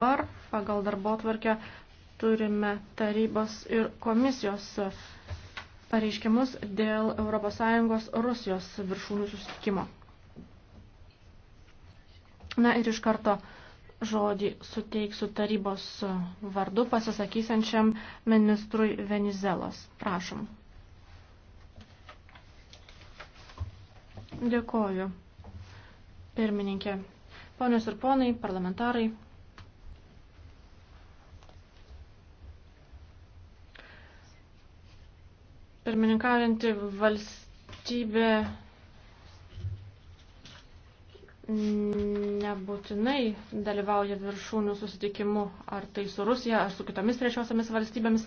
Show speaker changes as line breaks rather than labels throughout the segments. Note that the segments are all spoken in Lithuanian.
Dabar pagal darbo tvarkę turime tarybos ir komisijos pareiškimus dėl ES Rusijos viršūnių susitikimo. Na ir iš karto žodį suteiksiu tarybos vardu pasisakysiančiam ministrui Venizelos. Prašom. Dėkoju. Pirmininkė. Ponios ir ponai, parlamentarai. Pirmininkaujanti valstybė nebūtinai dalyvauja viršūnių susitikimu ar tai su Rusija, ar su kitomis trečiosiamis valstybėmis,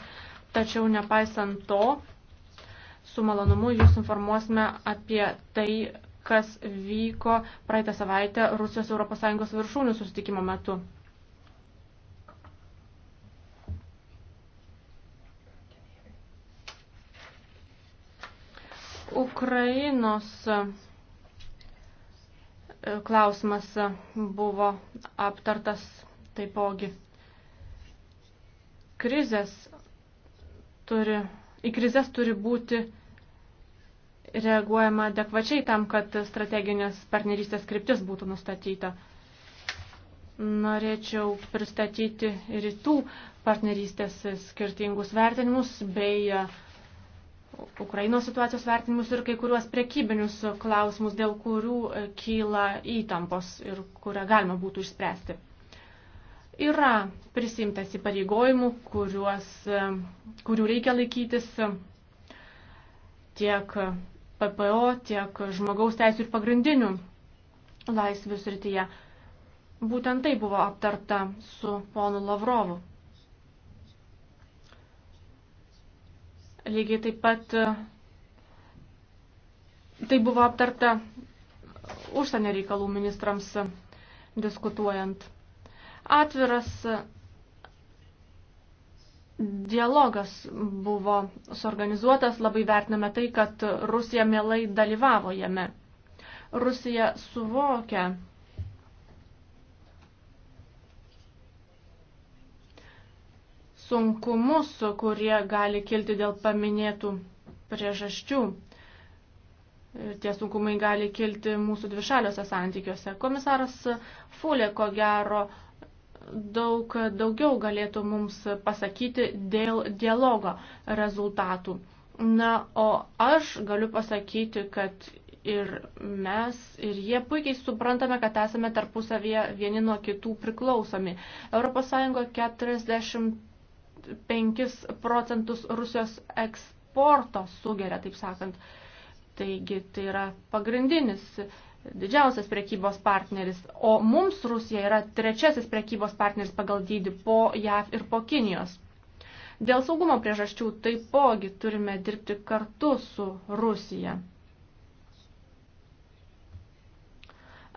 tačiau nepaisant to, su malonumu jūs informuosime apie tai, kas vyko praeitą savaitę Rusijos ES viršūnių susitikimo metu. Ukrainos e, klausimas buvo aptartas taipogi. Krizės turi, į krizės turi būti reaguojama adekvačiai tam, kad strateginės partnerystės kryptis būtų nustatyta. Norėčiau pristatyti rytų partnerystės skirtingus vertinimus bei uh, Ukrainos situacijos vertinimus ir kai kuriuos prekybinius klausimus, dėl kurių e, kyla įtampos ir kurią galima būtų išspręsti. Yra prisimtas įpareigojimų, kuriuos, e, kurių reikia laikytis e, tiek PPO, tiek žmogaus teisų ir pagrindinių laisvių srityje. Būtent tai buvo aptarta su ponu Lavrovu. Lygiai taip pat e, tai buvo aptarta užsienio reikalų ministrams diskutuojant. Atviras e, dialogas buvo suorganizuotas, labai vertiname tai, kad Rusija mielai dalyvavo jame. Rusija suvokia sunkumus, kurie gali kilti dėl paminėtų priežasčių. Ir tie sunkumai gali kilti mūsų dvišaliuose santykiuose. Komisaras Fulė, ko gero, daug daugiau galėtų mums pasakyti dėl dialogo rezultatų. Na, o aš galiu pasakyti, kad ir mes, ir jie puikiai suprantame, kad esame tarpusavėje vieni nuo kitų priklausomi. ES 40 5 procentus Rusijos eksporto sugeria, taip sakant. Taigi tai yra pagrindinis didžiausias prekybos partneris, o mums Rusija yra trečiasis prekybos partneris pagal dydį po JAV ir po Kinijos. Dėl saugumo priežasčių taipogi turime dirbti kartu su Rusija.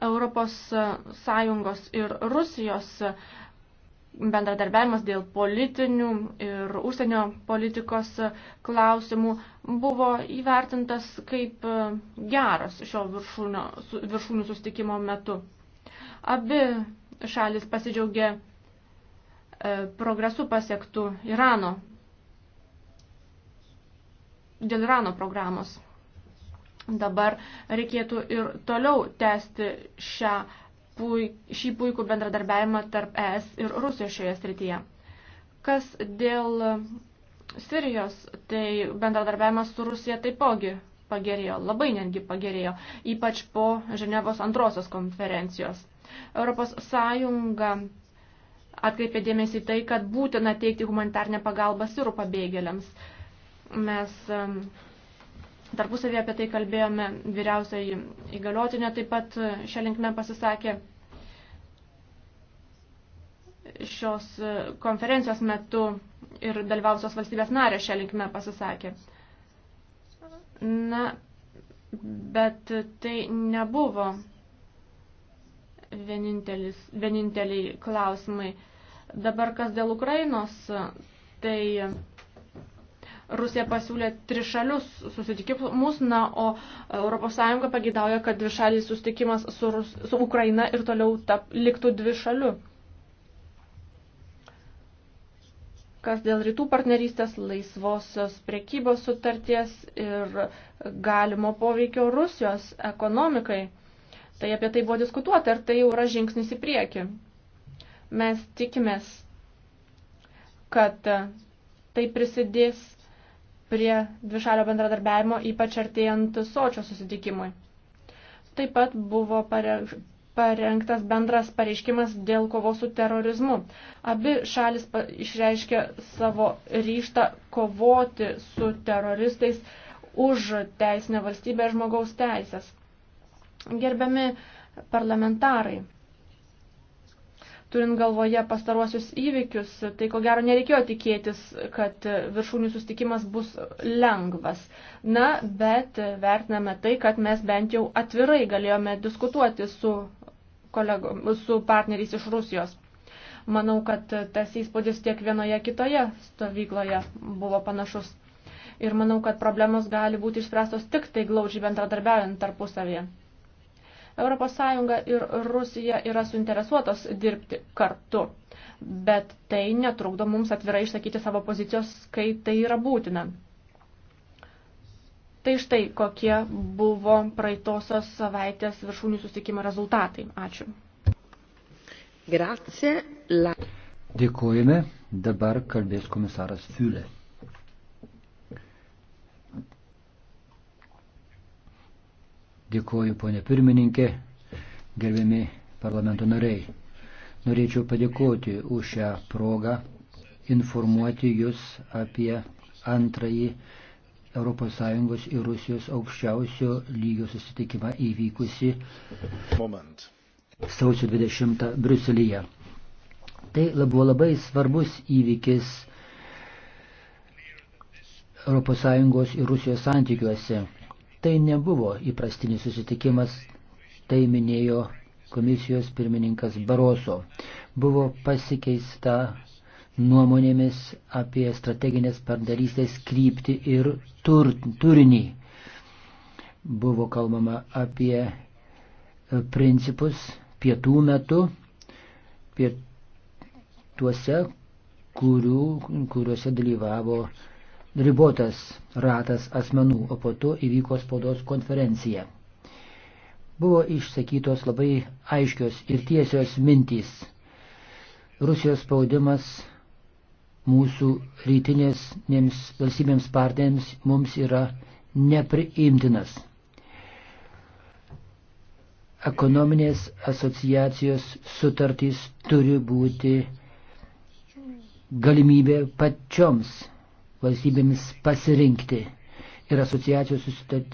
Europos Sąjungos ir Rusijos bendradarbiavimas dėl politinių ir užsienio politikos klausimų buvo įvertintas kaip e, geras šio viršūnio, viršūnių sustikimo metu. Abi šalis pasidžiaugė e, progresu pasiektų Irano, dėl Irano programos. Dabar reikėtų ir toliau tęsti šią puik, šį puikų bendradarbiavimą tarp ES ir Rusijos šioje srityje. Kas dėl Sirijos, tai bendradarbiavimas su Rusija taipogi pagerėjo, labai netgi pagerėjo, ypač po Ženevos antrosios konferencijos. Europos Sąjunga atkreipė dėmesį tai, kad būtina teikti humanitarnę pagalbą sirų pabėgėliams. Mes Tarpusavį apie tai kalbėjome, vyriausiai įgaliotinė taip pat šią linkmę pasisakė. Šios konferencijos metu ir dalyvausios valstybės narės šią linkmę pasisakė. Na, bet tai nebuvo vieninteliai klausimai. Dabar kas dėl Ukrainos, tai Rusija pasiūlė trišalius susitikimus, na, o ES pagidauja, kad dvišalis susitikimas su, Rus, su Ukraina ir toliau tap, liktų dvišaliu. Kas dėl rytų partnerystės, laisvosios prekybos sutarties ir galimo poveikio Rusijos ekonomikai. Tai apie tai buvo diskutuota, ar tai jau yra žingsnis į priekį. Mes tikimės, kad tai prisidės prie dvišalio bendradarbiavimo, ypač artėjant sočio susitikimui. Taip pat buvo parengtas bendras pareiškimas dėl kovos su terorizmu. Abi šalis išreiškė savo ryštą kovoti su teroristais už teisinę valstybę žmogaus teisės. Gerbiami parlamentarai, Turint galvoje pastaruosius įvykius, tai ko gero nereikėjo tikėtis, kad viršūnių sustikimas bus lengvas. Na, bet vertiname tai, kad mes bent jau atvirai galėjome diskutuoti su, kolego, su partneriais iš Rusijos. Manau, kad tas įspūdis tiek vienoje kitoje stovykloje buvo panašus. Ir manau, kad problemos gali būti išspręstos tik tai glaudžiai bendradarbiaujant tarpusavėje. ES ir Rusija yra suinteresuotos dirbti kartu, bet tai netrukdo mums atvirai išsakyti savo pozicijos, kai tai yra būtina. Tai štai kokie buvo praeitosios savaitės viršūnių susitikimo rezultatai. Ačiū. Grazie. La...
Dėkojame. Dabar kalbės komisaras Fiulė. Dėkuoju, ponė pirmininkė, gerbiami parlamento nariai. Norėčiau padėkoti už šią progą informuoti Jūs apie antrąjį ES ir Rusijos aukščiausio lygio susitikimą įvykusi Moment. sausio 20 Bruselyje. Tai buvo labai svarbus įvykis ES ir Rusijos santykiuose. Tai nebuvo įprastinis susitikimas, tai minėjo komisijos pirmininkas Baroso. Buvo pasikeista nuomonėmis apie strateginės partnerystės krypti ir tur, turinį. Buvo kalbama apie e, principus pietų metu, pietuose, kurių, kuriuose dalyvavo uh, ribotas ratas asmenų, o po to įvyko spaudos konferencija. Buvo išsakytos labai aiškios ir tiesios mintys. Rusijos spaudimas mūsų rytinėms valstybėms partnėms mums yra nepriimtinas. Ekonominės asociacijos sutartys turi būti galimybė pačioms valstybėmis pasirinkti. Ir asociacijos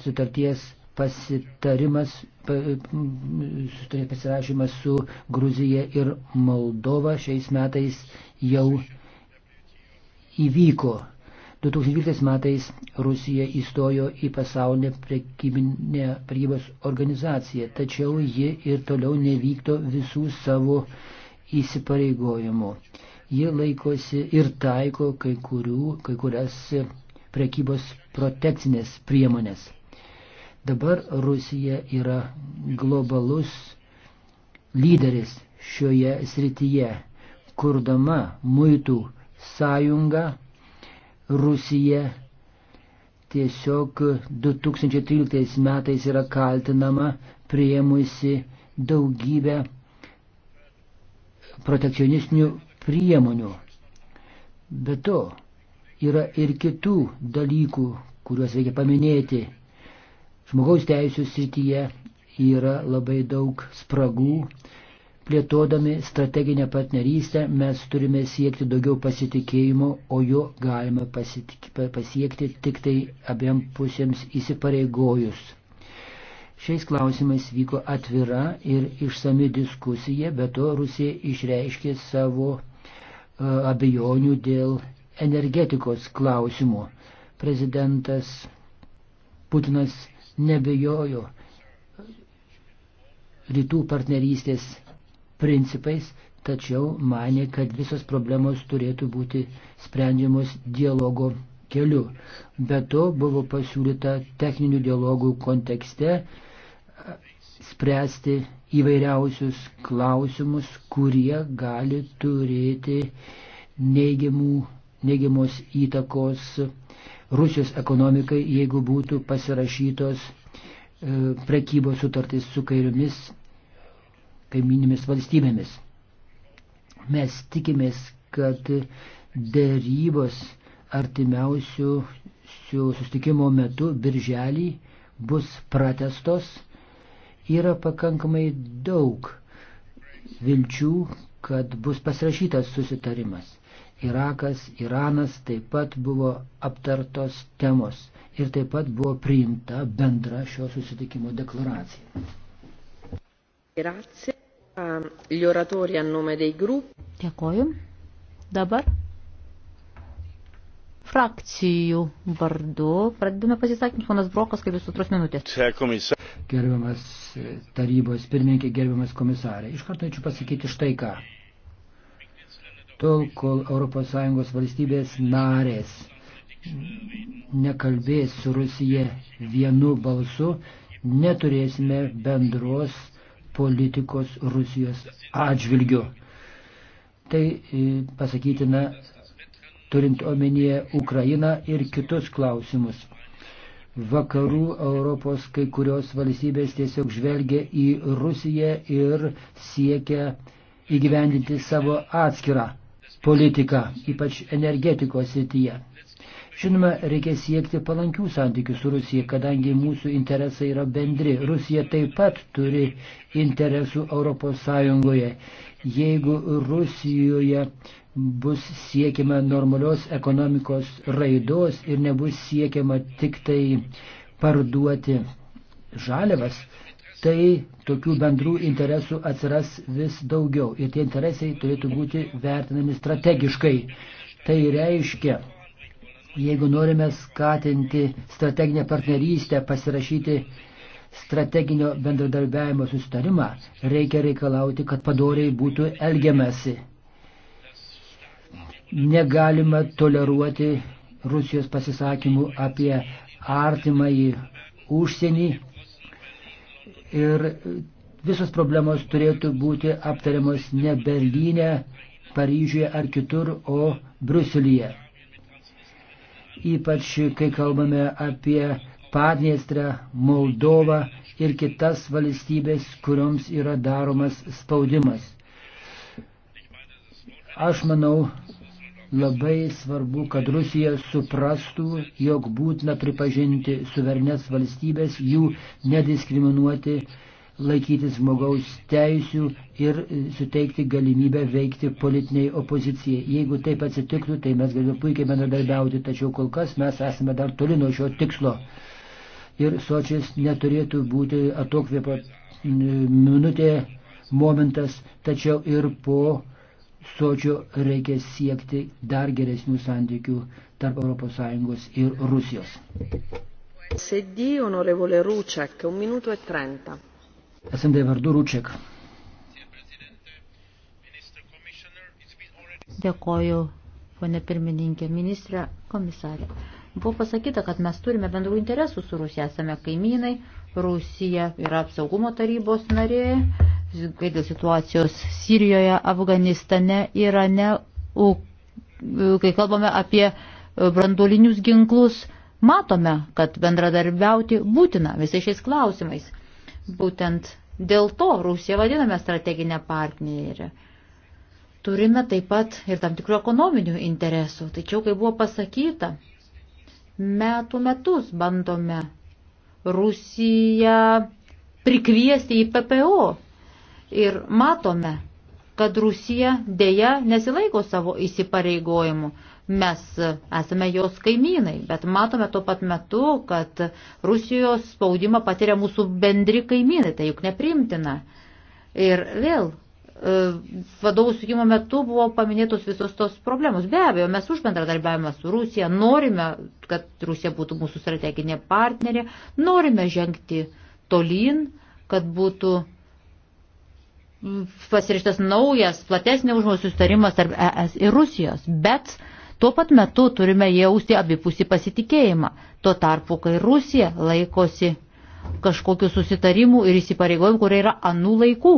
sutarties pasitarimas, sutarties pasirašymas su Gruzija ir Moldova šiais metais jau įvyko. 2012 metais Rusija įstojo į pasaulinę prekybinę prekybos organizaciją, tačiau ji ir toliau nevykdo visų savo įsipareigojimų. Ji laikosi ir taiko kai, kurių, kai kurias prekybos protekcinės priemonės. Dabar Rusija yra globalus lyderis šioje srityje, kurdama muitų sąjungą Rusija tiesiog 2013 metais yra kaltinama prieimusi daugybę protekcionistinių priemonių. Be to, yra ir kitų dalykų, kuriuos reikia paminėti. Žmogaus teisų srityje yra labai daug spragų. Plėtodami strateginę partnerystę mes turime siekti daugiau pasitikėjimo, o jo galima pasitik, pasiekti tik tai abiem pusėms įsipareigojus. Šiais klausimais vyko atvira ir išsami diskusija, bet to Rusija išreiškė savo abejonių dėl energetikos klausimų. Prezidentas Putinas nebejojo rytų partnerystės principais, tačiau mane, kad visos problemos turėtų būti sprendžiamos dialogo keliu. Be to buvo pasiūlyta techninių dialogų kontekste spręsti įvairiausius klausimus, kurie gali turėti neigiamų, neigiamos įtakos Rusijos ekonomikai, jeigu būtų pasirašytos e, prekybos sutartys su kairiomis kaiminimis valstybėmis. Mes tikimės, kad dėrybos artimiausių sustikimo metu birželį bus pratestos yra pakankamai daug vilčių, kad bus pasirašytas susitarimas. Irakas, Iranas taip pat buvo aptartos temos ir taip pat buvo priimta bendra šio susitikimo deklaracija.
Grazie. Ehm, gli oratori a nome dei gruppi.
Dėkoju.
Dabar frakcijų vardu. Pradedame pasisakymus, ponas Brokas, kaip visų tros minutės.
Gerbiamas e, tarybos pirmininkė, gerbiamas komisarė, iš karto norėčiau pasakyti štai ką. Tol, kol ES valstybės narės nekalbės su Rusija vienu balsu, neturėsime bendros politikos Rusijos atžvilgiu. Tai e, pasakytina turint omenyje Ukrainą ir kitus klausimus. Vakarų Europos kai kurios valstybės tiesiog žvelgia į Rusiją ir siekia įgyvendinti savo atskirą politiką, ypač energetikos srityje. Žinoma, reikia siekti palankių santykių su Rusija, kadangi mūsų interesai yra bendri. Rusija taip pat turi interesų Europos Sąjungoje. Jeigu Rusijoje bus siekiama normalios ekonomikos raidos ir nebus siekiama tik tai parduoti žaliavas, tai tokių bendrų interesų atsiras vis daugiau ir tie interesai turėtų būti vertinami strategiškai. Tai reiškia, Jeigu norime skatinti strateginę partnerystę, pasirašyti strateginio bendradarbiavimo sustarimą, reikia reikalauti, kad padoriai būtų elgiamasi. Negalima toleruoti Rusijos pasisakymų apie artimąjį užsienį ir visos problemos turėtų būti aptariamos ne Berlyne, Paryžiuje ar kitur, o Bruselėje ypač kai kalbame apie Padniestrę, Moldovą ir kitas valstybės, kurioms yra daromas spaudimas. Aš manau, labai svarbu, kad Rusija suprastų, jog būtina pripažinti suverenės valstybės, jų nediskriminuoti laikytis žmogaus teisių ir e, suteikti galimybę veikti politiniai opozicijai. Jeigu taip atsitiktų, tai mes galime puikiai bendradarbiauti, tačiau kol kas mes esame dar toli nuo šio tikslo. Ir sočiais neturėtų būti atokvėpio minutė, momentas, tačiau ir po sočio reikia siekti dar geresnių santykių tarp ES ir Rusijos.
SD, onorevole Ručak, 1 minuto e 30.
SMD vardu Rūčiak.
Dėkoju, ponė pirmininkė, ministrė, komisarė. Buvo pasakyta, kad mes turime bendrų interesų su Rusija, esame kaimynai, Rusija yra apsaugumo tarybos narė, kai dėl situacijos Sirijoje, Afganistane, Irane, kai kalbame apie branduolinius ginklus, matome, kad bendradarbiauti būtina visais šiais klausimais. Būtent dėl to Rusiją vadiname strateginę partnerį. Turime taip pat ir tam tikrų ekonominių interesų. Tačiau, kai buvo pasakyta, metų metus bandome Rusiją prikviesti į PPO. Ir matome, kad Rusija dėja nesilaiko savo įsipareigojimų. Mes esame jos kaimynai, bet matome tuo pat metu, kad Rusijos spaudimą patiria mūsų bendri kaimynai, tai juk neprimtina. Ir vėl e, vadovų sukimo metu buvo paminėtos visos tos problemos. Be abejo, mes už bendradarbiavimą su Rusija norime, kad Rusija būtų mūsų strateginė partnerė, norime žengti tolyn, kad būtų pasirištas naujas, platesnė užmojų sustarimas tarp ES ir Rusijos. Bet Tuo pat metu turime jausti abipusį pasitikėjimą. Tuo tarpu, kai Rusija laikosi kažkokiu susitarimu ir įsipareigojimu, kurie yra anų laikų.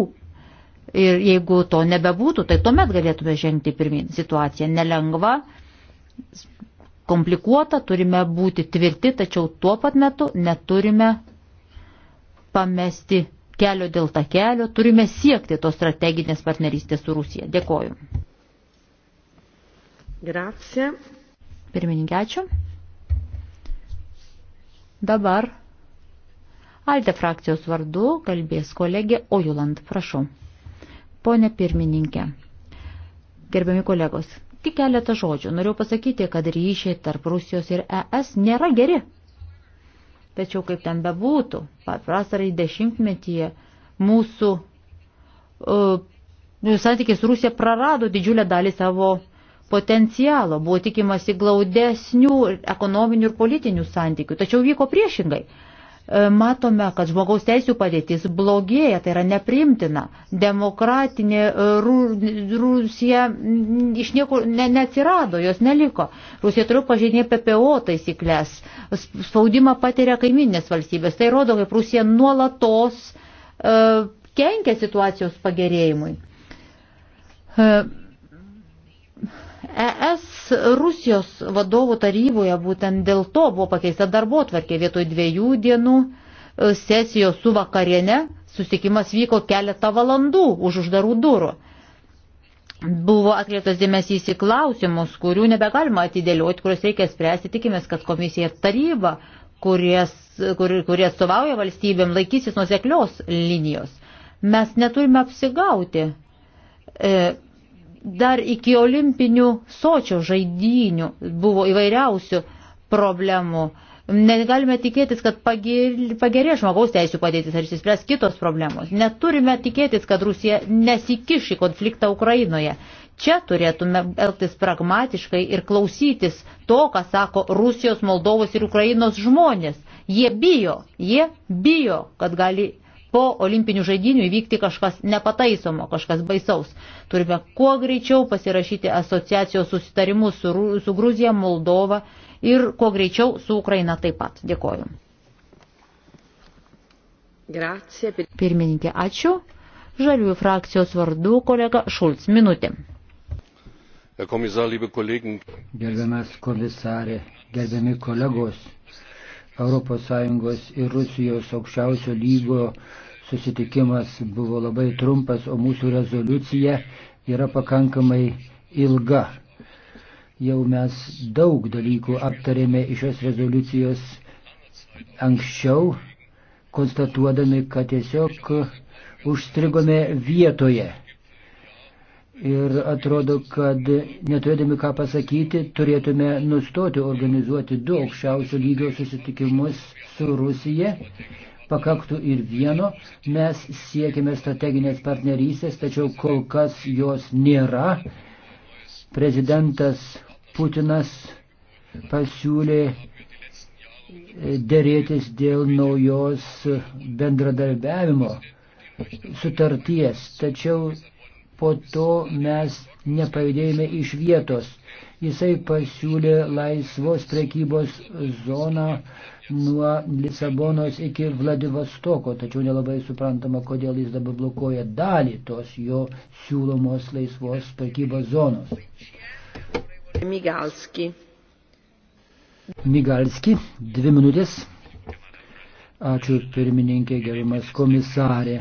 Ir jeigu to nebebūtų, tai tuomet galėtume žengti pirmin. Situacija nelengva, komplikuota, turime būti tvirti, tačiau tuo pat metu neturime pamesti kelio dėl takelio, turime siekti tos strateginės partnerystės su Rusija. Dėkoju.
Grazie.
Pirmininkė, ačiū. Dabar Alde frakcijos vardu kalbės kolegė Ojuland, prašau. Pone pirmininkė, gerbiami kolegos, tik keletą žodžių. Noriu pasakyti, kad ryšiai tarp Rusijos ir ES nėra geri. Tačiau kaip ten bebūtų, paprastarai dešimtmetyje mūsų uh, santykis Rusija prarado didžiulę dalį savo potencialo, buvo tikimasi glaudesnių ekonominių ir politinių santykių, tačiau vyko priešingai. E, matome, kad žmogaus teisų padėtis blogėja, tai yra neprimtina. Demokratinė e, Rusija iš niekur ne, neatsirado, jos neliko. Rusija turiu pažinė PPO taisyklės, spaudimą patiria kaiminės valstybės. Tai rodo, kaip Rusija nuolatos e, kenkia situacijos pagerėjimui. E, ES Rusijos vadovų taryboje būtent dėl to buvo pakeista darbo tvarkė vietoj dviejų dienų e, sesijos su vakariene. Susitikimas vyko keletą valandų už uždarų durų. Buvo atkreiptas dėmesys į klausimus, kurių nebegalima atidėlioti, kuriuos reikia spręsti. Tikimės, kad komisija ir taryba, kuries, kur, kurie atstovauja valstybėm, laikysis nuseklios linijos. Mes neturime apsigauti. E, Dar iki olimpinių sočio žaidynių buvo įvairiausių problemų. Negalime tikėtis, kad pagerė žmogaus teisų padėtis ar išsispręs kitos problemos. Neturime tikėtis, kad Rusija nesikiš į konfliktą Ukrainoje. Čia turėtume elgtis pragmatiškai ir klausytis to, ką sako Rusijos, Moldovos ir Ukrainos žmonės. Jie bijo, jie bijo, kad gali po olimpinių žaidinių įvykti kažkas nepataisomo, kažkas baisaus. Turime kuo greičiau pasirašyti asociacijos susitarimus su, su Gruzija, Moldova ir kuo greičiau su Ukraina taip pat. Dėkoju. Grazie. Pirmininkė, ačiū. Žaliųjų frakcijos vardu kolega Šulc. Minutė.
Herr Kommissar, liebe Kollegen. Gerbiamas komisarė, gerbiami kolegos. ES ir Rusijos aukščiausio lygo susitikimas buvo labai trumpas, o mūsų rezoliucija yra pakankamai ilga. Jau mes daug dalykų aptarėme iš šios rezoliucijos anksčiau, konstatuodami, kad tiesiog užstrigome vietoje. Ir atrodo, kad neturėdami ką pasakyti, turėtume nustoti organizuoti du aukščiausio lygio susitikimus su Rusija. Pakaktų ir vieno, mes siekime strateginės partnerystės, tačiau kol kas jos nėra. Prezidentas Putinas pasiūlė dėrėtis dėl naujos bendradarbiavimo sutarties, tačiau po to mes nepajudėjome iš vietos. Jisai pasiūlė laisvos prekybos zoną nuo Lisabonos iki Vladivostoko, tačiau nelabai suprantama, kodėl jis dabar blokuoja dalį tos jo siūlomos laisvos prekybos zonos.
Migalski.
Migalski, dvi minutės. Ačiū pirmininkė, gerimas komisarė.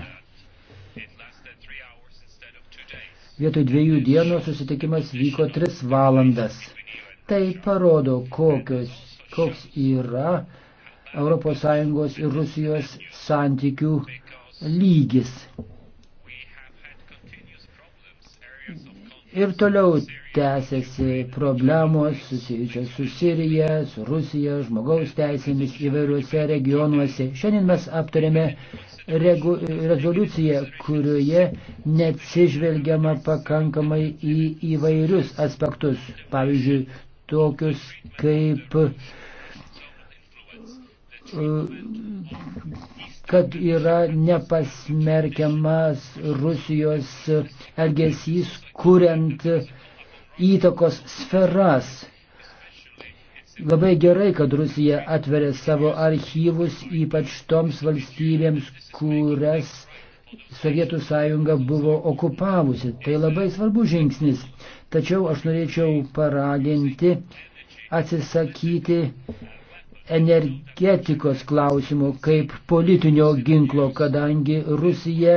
Vietoj dviejų dienų susitikimas vyko tris valandas. Tai parodo, kokios, koks yra ES ir Rusijos santykių lygis. Ir toliau tęsiasi problemos susijusios su Sirija, su Rusija, žmogaus teisėmis įvairiuose regionuose. Šiandien mes aptarėme regu, rezoliucija, kurioje neatsižvelgiama pakankamai į įvairius aspektus, pavyzdžiui, tokius kaip kad yra nepasmerkiamas Rusijos elgesys, kuriant įtakos sferas Labai gerai, kad Rusija atveria savo archyvus, ypač toms valstybėms, kurias Sovietų sąjunga buvo okupavusi. Tai labai svarbus žingsnis. Tačiau aš norėčiau paraginti atsisakyti energetikos klausimų kaip politinio ginklo, kadangi Rusija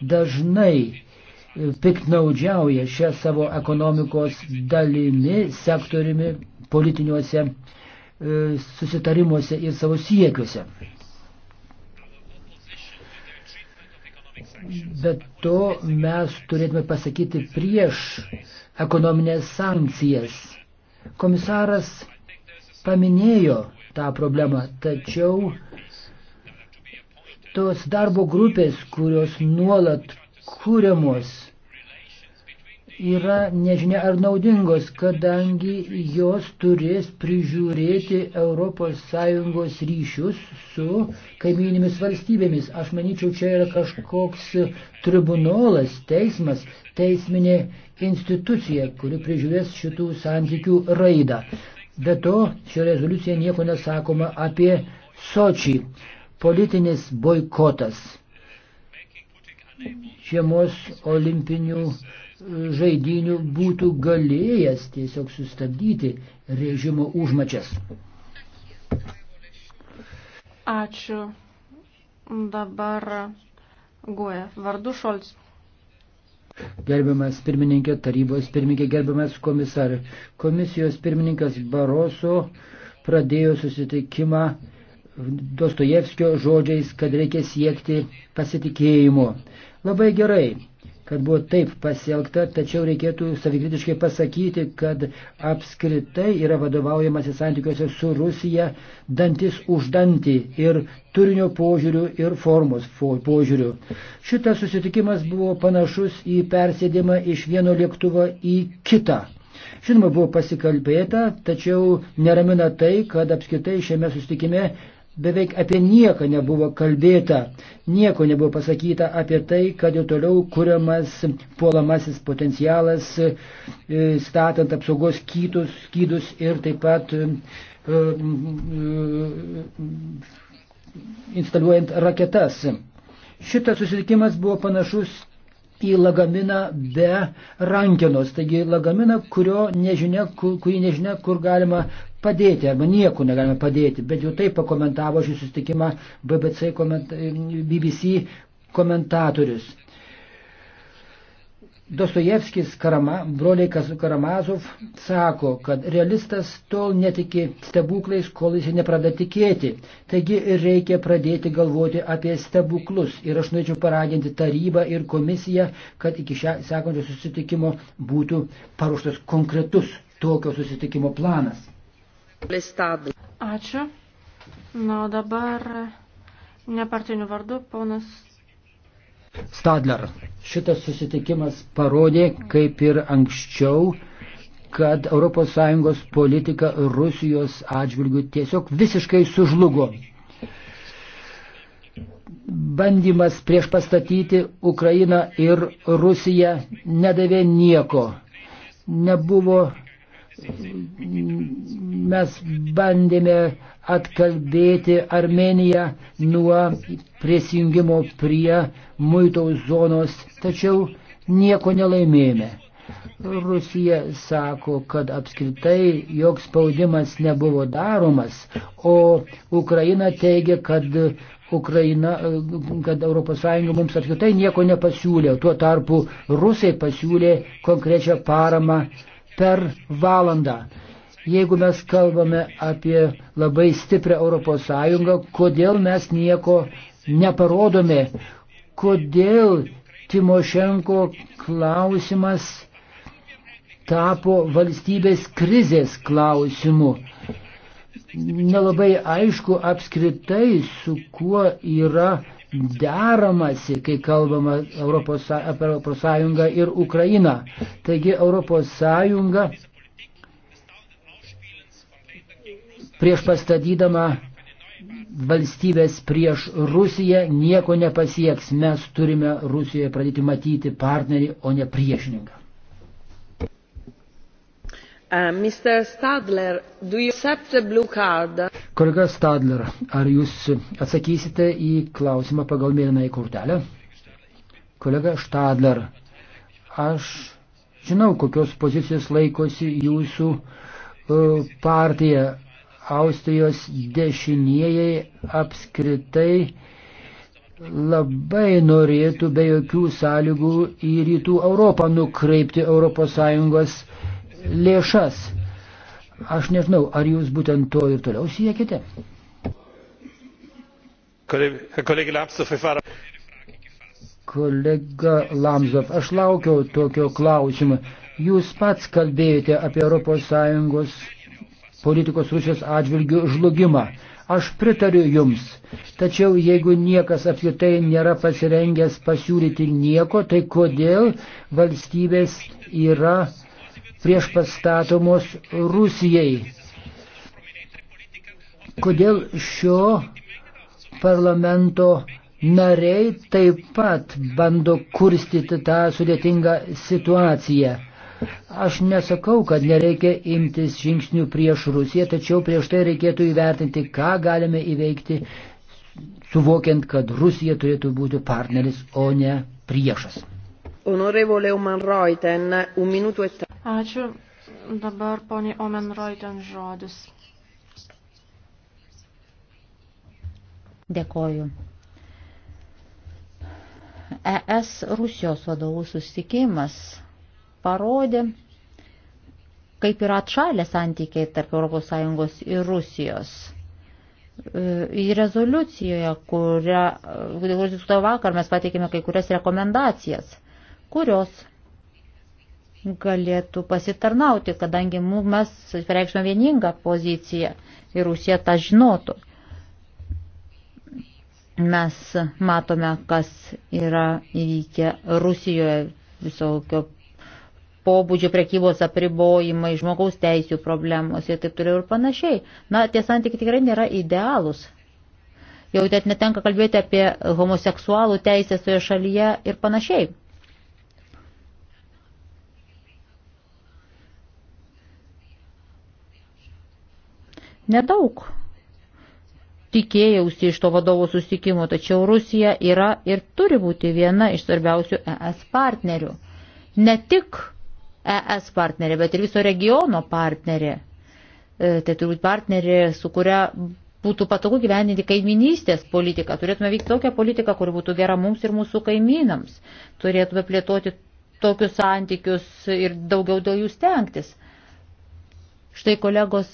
dažnai piknaudžiauja šią savo ekonomikos dalimi, sektoriumi, politiniuose e, susitarimuose ir savo siekiuose. Bet to mes turėtume pasakyti prieš ekonominės sankcijas. Komisaras paminėjo tą problemą, tačiau tos darbo grupės, kurios nuolat kūriamos, yra nežinia ar naudingos, kadangi jos turės prižiūrėti ES ryšius su kaimyninėmis valstybėmis. Aš manyčiau, čia yra kažkoks tribunolas, teismas, teisminė institucija, kuri prižiūrės šitų santykių raidą. Be to, šio rezoliucija nieko nesakoma apie Sočį. Politinis boikotas žiemos olimpinių žaidinių būtų galėjęs tiesiog sustabdyti režimo užmačias.
Ačiū. Dabar Guoja. Vardu Šolts.
Gerbiamas pirmininkė, tarybos pirmininkė, gerbiamas komisarė. Komisijos pirmininkas Baroso pradėjo susitikimą Dostojevskio žodžiais, kad reikia siekti pasitikėjimo. Labai gerai kad buvo taip pasielgta, tačiau reikėtų savikritiškai pasakyti, kad apskritai yra vadovaujamasi santykiuose su Rusija dantis už dantį ir turinio požiūrių ir formos požiūrių. Šitas susitikimas buvo panašus į persėdimą iš vieno lėktuvo į kitą. Žinoma, buvo pasikalbėta, tačiau neramina tai, kad apskritai šiame susitikime beveik apie nieką nebuvo kalbėta, nieko nebuvo pasakyta apie tai, kad jau toliau kuriamas puolamasis potencialas, e, statant apsaugos kytus, skydus ir taip pat e, e, instaliuojant raketas. Šitas susitikimas buvo panašus į lagaminą be rankenos. Taigi lagaminą, kurio nežinia, kur, kurį nežinia, kur galima padėti, arba niekur negalima padėti. Bet jau taip pakomentavo šį sustikimą BBC, koment, BBC komentatorius. Dostojevskis Karama, broliai Karamazov sako, kad realistas tol netiki stebuklais, kol jis nepradeda tikėti. Taigi reikia pradėti galvoti apie stebuklus. Ir aš norėčiau paraginti tarybą ir komisiją, kad iki šią sekančio susitikimo būtų paruoštas konkretus tokio susitikimo planas.
Ačiū. Na, o dabar nepartinių vardų ponas
Stadler. Šitas susitikimas parodė, kaip ir anksčiau, kad ES politika Rusijos atžvilgių tiesiog visiškai sužlugo. Bandymas prieš pastatyti Ukrainą ir Rusiją nedavė nieko. Nebuvo mes bandėme atkalbėti Armeniją nuo prisijungimo prie muito zonos, tačiau nieko nelaimėjome. Rusija sako, kad apskritai joks spaudimas nebuvo daromas, o Ukraina teigia, kad, Ukraina, kad ES mums apskritai nieko nepasiūlė. Tuo tarpu Rusai pasiūlė konkrečią paramą uh, per valandą. Jeigu mes kalbame apie labai stiprią Europos Sąjungą, kodėl mes nieko neparodome, kodėl Timošenko klausimas tapo valstybės krizės klausimu. Nelabai aišku apskritai, su kuo yra deramasi, kai kalbama Europos, apie Europos Sąjungą ir Ukrainą. Taigi Europos Sąjunga prieš pastatydama valstybės prieš Rusiją nieko nepasieks. Mes turime Rusijoje pradėti matyti partnerį, o ne priešininką.
Uh, Stadler,
Kolega Stadler, ar jūs atsakysite į klausimą pagal mėlynąją kortelę? Kolega Stadler, aš žinau, kokios pozicijos laikosi jūsų uh, partija. Austrijos dešinieji apskritai labai norėtų be jokių sąlygų į rytų Europą nukreipti ES lėšas. Aš nežinau, ar jūs būtent to ir toliau siekite.
Kolega
Lamzov, aš laukiau tokio klausimo. Jūs pats kalbėjote apie ES politikos Rusijos atžvilgių žlugimą. Aš pritariu jums. Tačiau jeigu niekas apskritai nėra pasirengęs pasiūlyti nieko, tai kodėl valstybės yra prieš pastatomos Rusijai. Kodėl šio parlamento nariai taip pat bando kurstyti tą sudėtingą situaciją. Aš nesakau, kad nereikia imtis žingsnių prieš Rusiją, tačiau prieš tai reikėtų įvertinti, ką galime įveikti, suvokiant, kad Rusija turėtų būti partneris, o ne priešas.
Honorevole Oman Reuten, un minutų etą.
Ačiū. Dabar poniai Omen Reuten žodis.
Dėkoju. ES Rusijos vadovų susitikimas parodė, kaip yra atšalę santykiai tarp ES ir Rusijos. E, į rezoliuciją, kurią diskutavo vakar, mes pateikėme kai kurias rekomendacijas kurios galėtų pasitarnauti, kadangi mes reikšme vieningą poziciją ir Rusija tą žinotų. Mes matome, kas yra įvykę Rusijoje visokio pobūdžio prekybos apribojimai, žmogaus teisų problemos ir taip toliau ir panašiai. Na, tie santykiai tikrai nėra idealūs. Jau net netenka kalbėti apie homoseksualų teisę toje šalyje ir panašiai. Nedaug tikėjausi iš to vadovo susitikimo, tačiau Rusija yra ir turi būti viena iš svarbiausių ES partnerių. Ne tik ES partnerė, bet ir viso regiono partnerė. E, tai turbūt partnerė, su kuria būtų patogu gyveninti kaiminystės politiką. Turėtume vykti tokią politiką, kuri būtų gera mums ir mūsų kaimynams. Turėtume plėtoti tokius santykius ir daugiau dėl jų stengtis. Štai kolegos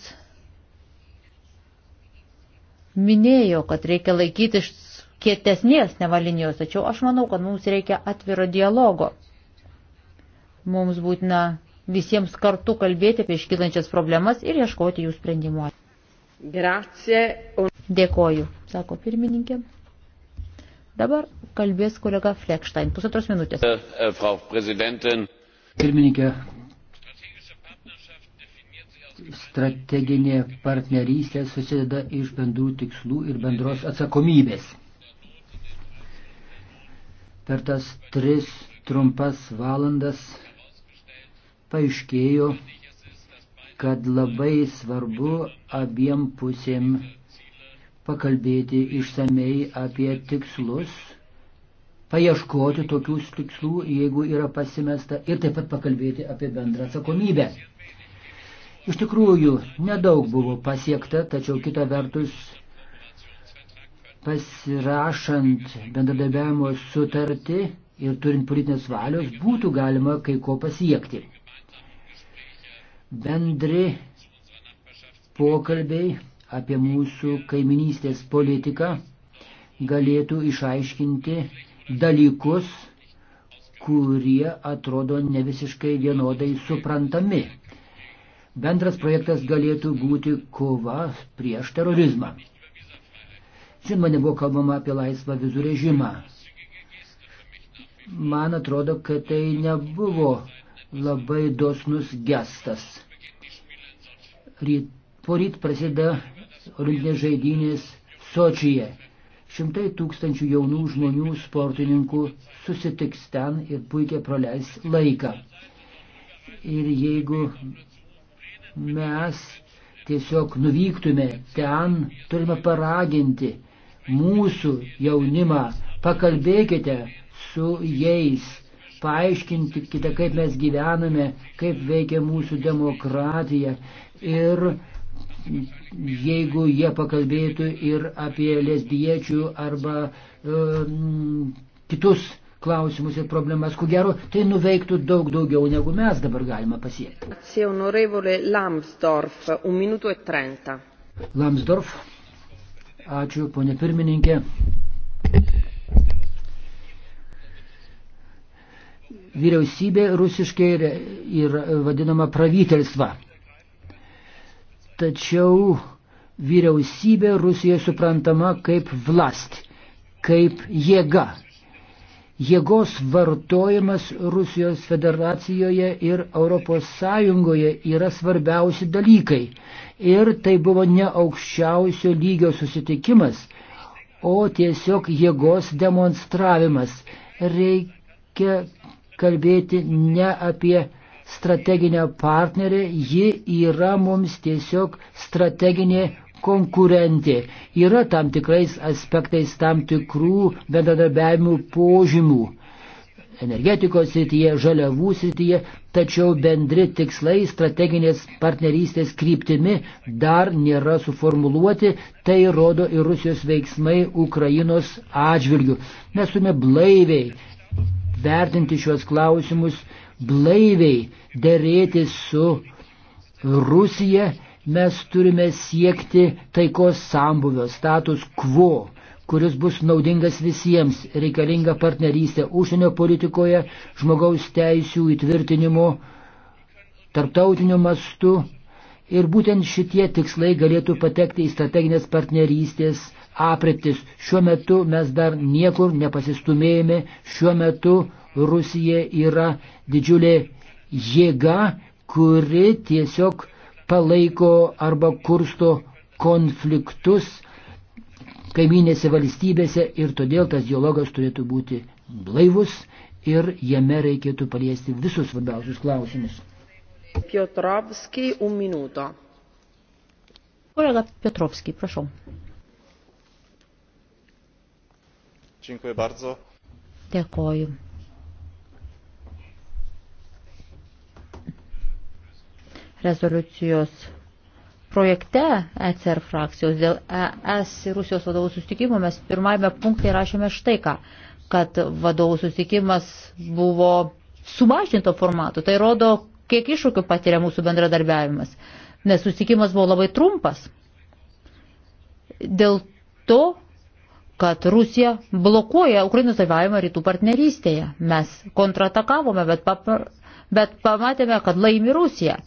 minėjo, kad reikia laikytis kietesnės nevalinijos, tačiau aš manau, kad mums reikia atviro dialogo. Mums būtina visiems kartu kalbėti apie iškylančias problemas ir ieškoti jų sprendimo. Grazie. Dėkoju, sako pirmininkė. Dabar kalbės kolega Fleckstein.
Pusantros minutės. Pirmininkė, strateginė partnerystė susideda iš bendrų tikslų ir bendros atsakomybės. Per tas tris trumpas valandas paaiškėjo, kad labai svarbu abiem pusėm pakalbėti išsamei apie tikslus, paieškoti tokių tikslų, jeigu yra pasimesta, ir taip pat pakalbėti apie bendrą atsakomybę. Iš tikrųjų, nedaug buvo pasiekta, tačiau kita vertus, pasirašant bendradarbiavimo sutartį ir turint politinės valios, būtų galima kai ko pasiekti. Bendri pokalbiai apie mūsų kaiminystės politiką galėtų išaiškinti dalykus, kurie atrodo ne visiškai vienodai suprantami bendras projektas galėtų būti kova prieš terorizmą. Žinoma, nebuvo kalbama apie laisvą vizų režimą. Man atrodo, kad tai nebuvo labai dosnus gestas. Ryt, poryt prasideda olimpinės žaidynės Sočyje. Šimtai tūkstančių jaunų žmonių sportininkų susitiks ten ir puikiai praleis laiką. Ir jeigu mes tiesiog nuvyktume ten, turime paraginti mūsų jaunimą, pakalbėkite su jais, paaiškinkite, kaip mes gyvename, kaip veikia mūsų demokratija ir jeigu jie pakalbėtų ir apie lesbiečių arba um, kitus klausimus ir problemas, ko gero, tai nuveiktų daug daugiau, negu mes dabar galime pasiekti.
Lamsdorf, un minuto e trenta.
Lamsdorf, ačiū, ponė pirmininkė. Vyriausybė rusiškai yra, yra vadinama pravytelstva. Tačiau vyriausybė Rusijoje suprantama kaip vlast, kaip jėga, jėgos vartojimas Rusijos federacijoje ir ES yra svarbiausi dalykai. Ir tai buvo ne aukščiausio lygio susitikimas, o tiesiog jėgos demonstravimas. Reikia kalbėti ne apie strateginę partnerę, ji yra mums tiesiog strateginė konkurentė. Yra tam tikrais aspektais tam tikrų bendradarbiavimų požymų energetikos srityje, žaliavų srityje, tačiau bendri tikslai strateginės partnerystės kryptimi dar nėra suformuluoti, tai rodo ir Rusijos veiksmai Ukrainos atžvilgių. Mes turime blaiviai vertinti šios klausimus, blaiviai dėrėti su Rusija Mes turime siekti taikos sambuvio status quo, kuris bus naudingas visiems, reikalinga partnerystė užsienio politikoje, žmogaus teisų įtvirtinimo, tarptautiniu mastu. Ir būtent šitie tikslai galėtų patekti į strateginės partnerystės apretis. Šiuo metu mes dar niekur nepasistumėjome, šiuo metu Rusija yra didžiulė jėga, kuri tiesiog palaiko arba kursto konfliktus kaiminėse valstybėse ir todėl tas dialogas turėtų būti blaivus ir jame reikėtų paliesti visus svarbiausius klausimus. Piotrovski,
un minuto.
Kolega Piotrovski, prašau.
Dziękuję bardzo.
Dėkoju. rezoliucijos projekte ECR frakcijos dėl ES ir Rusijos vadovų sustikimo mes pirmajame punkte rašėme štai ką, kad vadovų sustikimas buvo sumažinto formato. Tai rodo, kiek iššūkių patiria mūsų bendradarbiavimas, nes sustikimas buvo labai trumpas. Dėl to, kad Rusija blokuoja Ukrainos dalyvavimą rytų partnerystėje. Mes kontratakavome, bet, pap, bet pamatėme, kad laimi Rusija.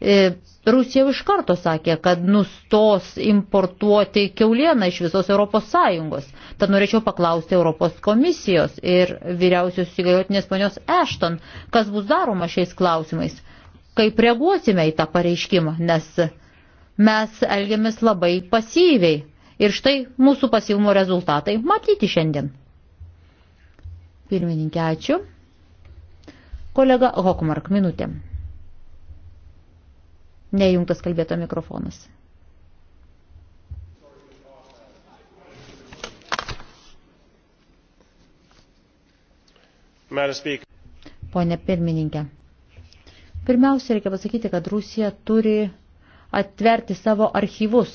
E, Rusija iš karto sakė, kad nustos importuoti keulieną iš visos ES. Tad norėčiau paklausti Europos komisijos ir vyriausios įgaliotinės ponios Ešton, kas bus daroma šiais klausimais, kaip reaguosime į tą pareiškimą, nes mes elgiamės labai pasyviai. Ir štai mūsų pasyvumo rezultatai matyti šiandien. Pirmininkė, ačiū. Kolega Hokmark, minutėm. Nejungtas kalbėto mikrofonas. Pone pirmininkė, pirmiausia, reikia pasakyti, kad Rusija turi atverti savo archyvus,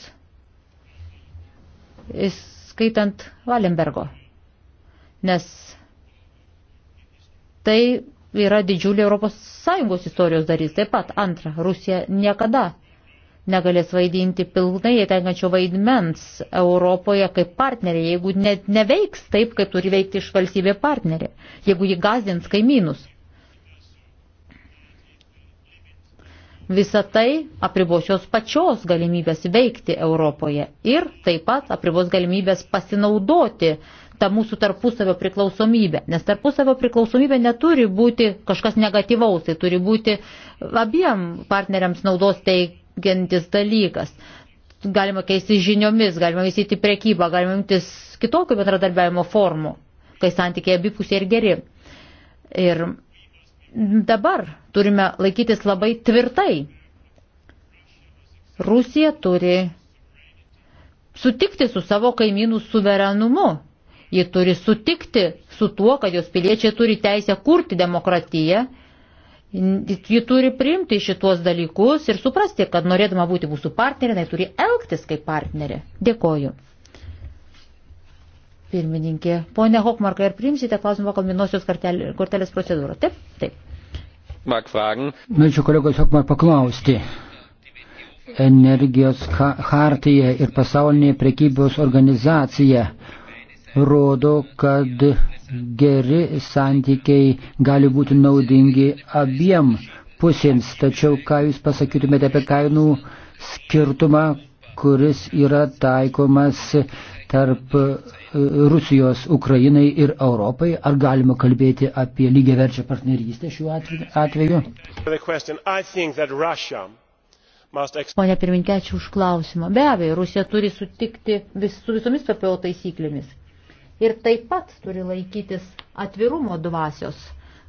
skaitant Valenbergo, nes tai yra didžiulė ES istorijos darys. Taip pat antra, Rusija niekada negalės vaidinti pilnai tenkančio vaidmens Europoje kaip partnerė, jeigu ne, neveiks taip, kaip turi veikti iš valstybė partnerė, jeigu jį gazdins kaimynus. Visą tai apribos jos pačios galimybės veikti Europoje ir taip pat apribos galimybės pasinaudoti tą mūsų tarpusavio priklausomybę. Nes tarpusavio priklausomybė neturi būti kažkas negatyvaus, tai turi būti abiem partneriams naudos teikiantis dalykas. Galima keisti žiniomis, galima įsiti prekybą, galima imtis kitokių bendradarbiavimo formų, kai santykiai abipusiai ir geri. Ir dabar turime laikytis labai tvirtai. Rusija turi sutikti su savo kaimynų suverenumu Ji turi sutikti su tuo, kad jos piliečiai turi teisę kurti demokratiją. Ji turi priimti šitos dalykus ir suprasti, kad norėdama būti mūsų partnerė, jinai turi elgtis kaip partnerė. Dėkoju. Pirmininkė, ponė Hokmarka, ir priimsite klausimą pagal minosios kortelės procedūrą. Taip,
taip. Norėčiau kolegos Hokmar paklausti energijos hartija ir pasaulinė prekybos organizacija rodo, kad geri santykiai gali būti naudingi abiem pusėms. Tačiau ką Jūs pasakytumėte apie kainų skirtumą, kuris yra taikomas tarp e, Rusijos Ukrainai ir Europai? Ar galima kalbėti apie lygiaverčią partnerystę šiuo atveju?
Pone pirminkė, ačiū už klausimą. Be abejo, Rusija turi sutikti vis, su visomis PPO taisyklėmis ir taip pat turi laikytis atvirumo dvasios,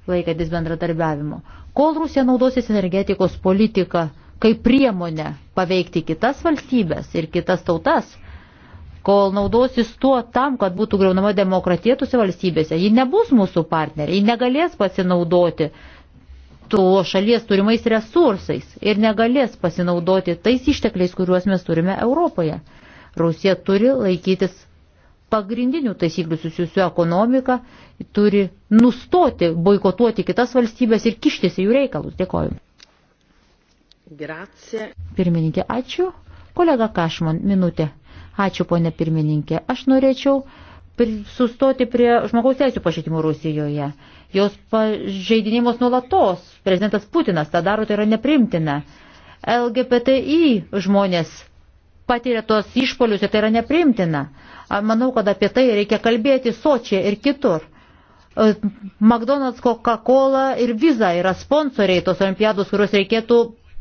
laikantis bendradarbiavimo. Kol Rusija naudosis energetikos politiką kaip priemonę paveikti kitas valstybės ir kitas tautas, kol naudosis tuo tam, kad būtų greunama demokratija tose valstybėse, ji nebus mūsų partneriai, ji negalės pasinaudoti tuo šalies turimais resursais ir negalės pasinaudoti tais ištekliais, kuriuos mes turime Europoje. Rusija turi laikytis pagrindinių taisyklių susijusių ekonomika turi nustoti boikotuoti kitas valstybės ir kištis į jų reikalus. Dėkoju.
Grazie.
Pirmininkė, ačiū. Kolega Kašman, minutė. Ačiū, ponė pirmininkė. Aš norėčiau sustoti prie žmogaus teisų pažeidimų Rusijoje. Jos pažeidinimos nuolatos. Prezidentas Putinas tą daro, tai yra neprimtina. LGBTI žmonės patiria tos išpolius ir tai yra neprimtina. Manau, kad apie tai reikia kalbėti Sočiai ir kitur. E, McDonald's, Coca-Cola ir Visa yra sponsoriai tos olimpiados, kuriuos reikėtų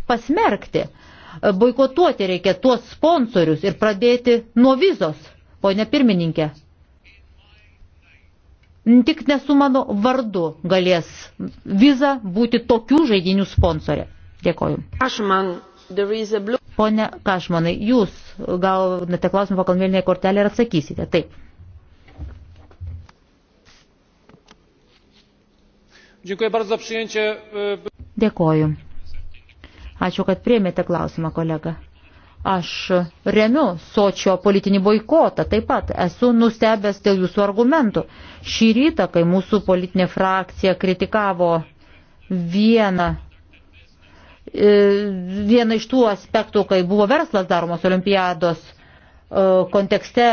pasmerkti. E, boikotuoti reikia tuos sponsorius ir pradėti nuo vizos, ponia pirmininkė. Tik nesu mano vardu galės viza būti tokių žaidinių sponsorė. Dėkoju. Aš man Pone Kašmanai, jūs gaunate klausimą pagal mėlynąją kortelę ir atsakysite. Taip.
E,
Dėkoju. Ačiū, kad priemėte klausimą, kolega. Aš remiu sočio politinį boikotą, taip pat esu nustebęs dėl jūsų argumentų. Šį rytą, kai mūsų politinė frakcija kritikavo vieną E, vieną iš tų aspektų, kai buvo verslas daromos olimpiados e, kontekste,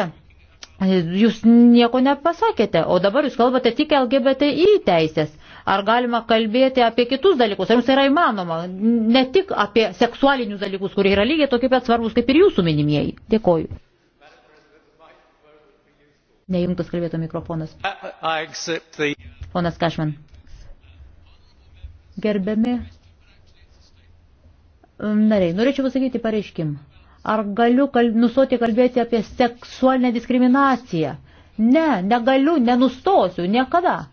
e, jūs nieko nepasakėte, o dabar jūs kalbate tik LGBTI teisės. Ar galima kalbėti apie kitus dalykus, ar jums yra įmanoma, ne tik apie seksualinius dalykus, kurie yra lygiai tokie pat svarbus kaip ir jūsų minimieji. Dėkoju. Neįjungtas kalbėto mikrofonas. Ponas Kašman. Gerbiami nariai, norėčiau pasakyti pareiškimą. Ar galiu kalb... nustoti kalbėti apie seksualinę diskriminaciją? Ne, negaliu, nenustosiu, niekada.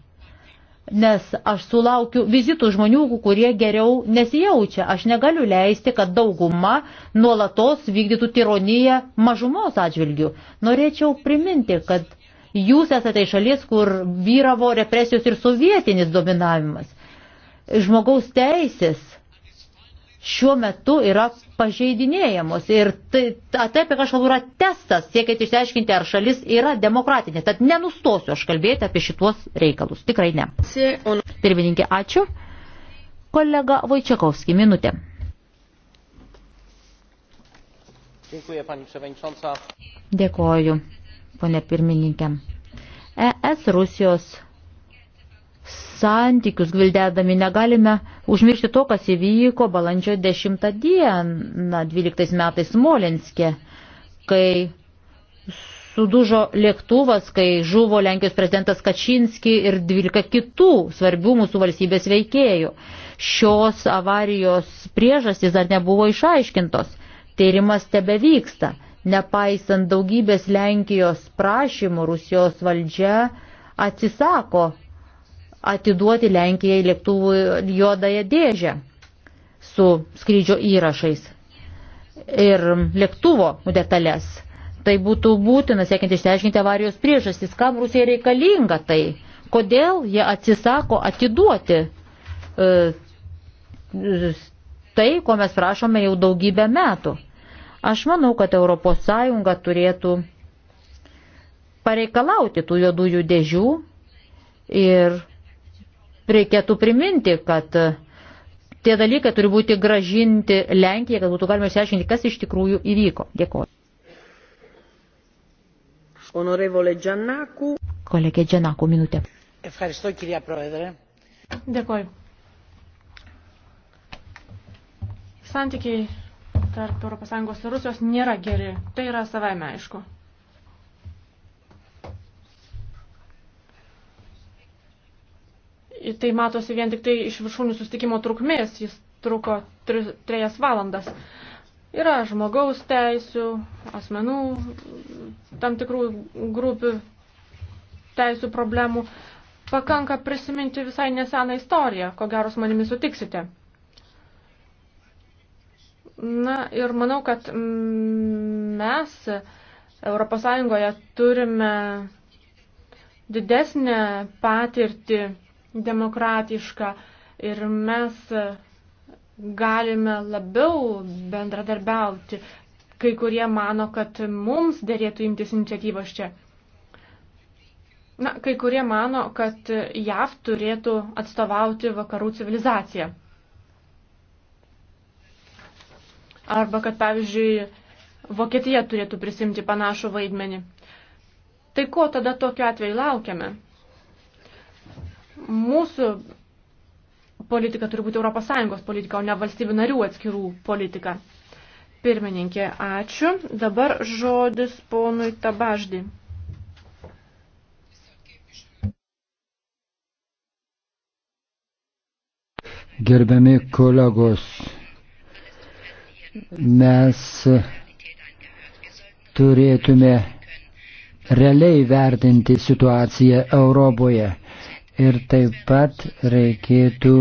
Nes aš sulaukiu vizitų žmonių, kurie geriau nesijaučia. Aš negaliu leisti, kad dauguma nuolatos vykdytų tironiją mažumos atžvilgių. Norėčiau priminti, kad jūs esate iš šalies, kur vyravo represijos ir sovietinis dominavimas. Žmogaus teisės šiuo metu yra pažeidinėjamos. Ir tai, tai apie ką aš kalbu, yra testas, siekiant išsiaiškinti, ar šalis yra demokratinė. Tad nenustosiu aš kalbėti apie šitos reikalus. Tikrai ne. Pirmininkė, ačiū. Kolega Vojčiakovski, minutė. Dėkoju, ponė pirmininkė. ES Rusijos santykius gvildedami negalime užmiršti to, kas įvyko balandžio 10 dieną 12 metais Molenske, kai sudužo lėktuvas, kai žuvo Lenkijos prezidentas Kačinski ir 12 kitų svarbių mūsų valstybės veikėjų. Šios avarijos priežastys dar nebuvo išaiškintos. Tyrimas tebe vyksta. Nepaisant daugybės Lenkijos prašymų, Rusijos valdžia atsisako atiduoti Lenkijai lėktuvų juodąją dėžę su skrydžio įrašais ir lėktuvo detalės. Tai būtų būtina, siekiant išteiškinti avarijos priežastis, kam Rusija reikalinga tai, kodėl jie atsisako atiduoti e, tai, ko mes prašome jau daugybę metų. Aš manau, kad ES turėtų pareikalauti tų juodųjų dėžių ir reikėtų priminti, kad e, tie dalykai turi būti gražinti Lenkijai, kad būtų galima išsiaiškinti, kas iš tikrųjų įvyko. Dėkuoju.
Honorevole Džanaku.
Kolegė Džanaku, minutė.
Efharisto, kiria proedre.
Dėkuoju. Santykiai tarp ES ir Rusijos nėra geri. Tai yra savaime aišku. Tai matosi vien tik tai iš viršūnių sustikimo trukmės, jis truko tri, trejas valandas. Yra žmogaus teisų, asmenų, tam tikrų grupių teisų problemų. Pakanka prisiminti visai neseną istoriją, ko geros manimi sutiksite. Na ir manau, kad mm, mes Europos Sąjungoje turime didesnę patirtį demokratiška ir mes galime labiau bendradarbiauti. Kai kurie mano, kad mums dėrėtų imtis iniciatyvos čia. Na, kai kurie mano, kad JAV turėtų atstovauti vakarų civilizaciją. Arba kad, pavyzdžiui, Vokietija turėtų prisimti panašų vaidmenį. Tai ko tada tokiu atveju laukiame? mūsų politika turi būti ES politika, o ne valstybių narių atskirų politika. Pirmininkė, ačiū. Dabar žodis ponui Tabaždį.
Gerbiami kolegos, mes turėtume realiai vertinti situaciją Europoje ir taip pat reikėtų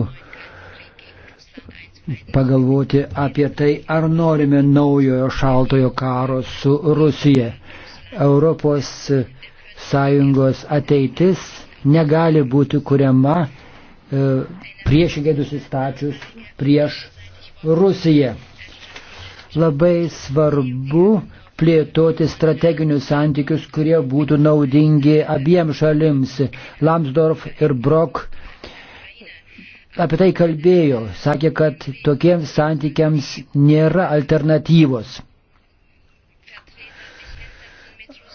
pagalvoti apie tai, ar norime naujojo šaltojo karo su Rusija. Europos Sąjungos ateitis negali būti kuriama e, priešingai nusistačius prieš Rusiją. Labai svarbu plėtoti strateginius santykius, kurie būtų naudingi abiems šalims. Lamsdorf ir Brok apie tai kalbėjo, sakė, kad tokiems santykiams nėra alternatyvos.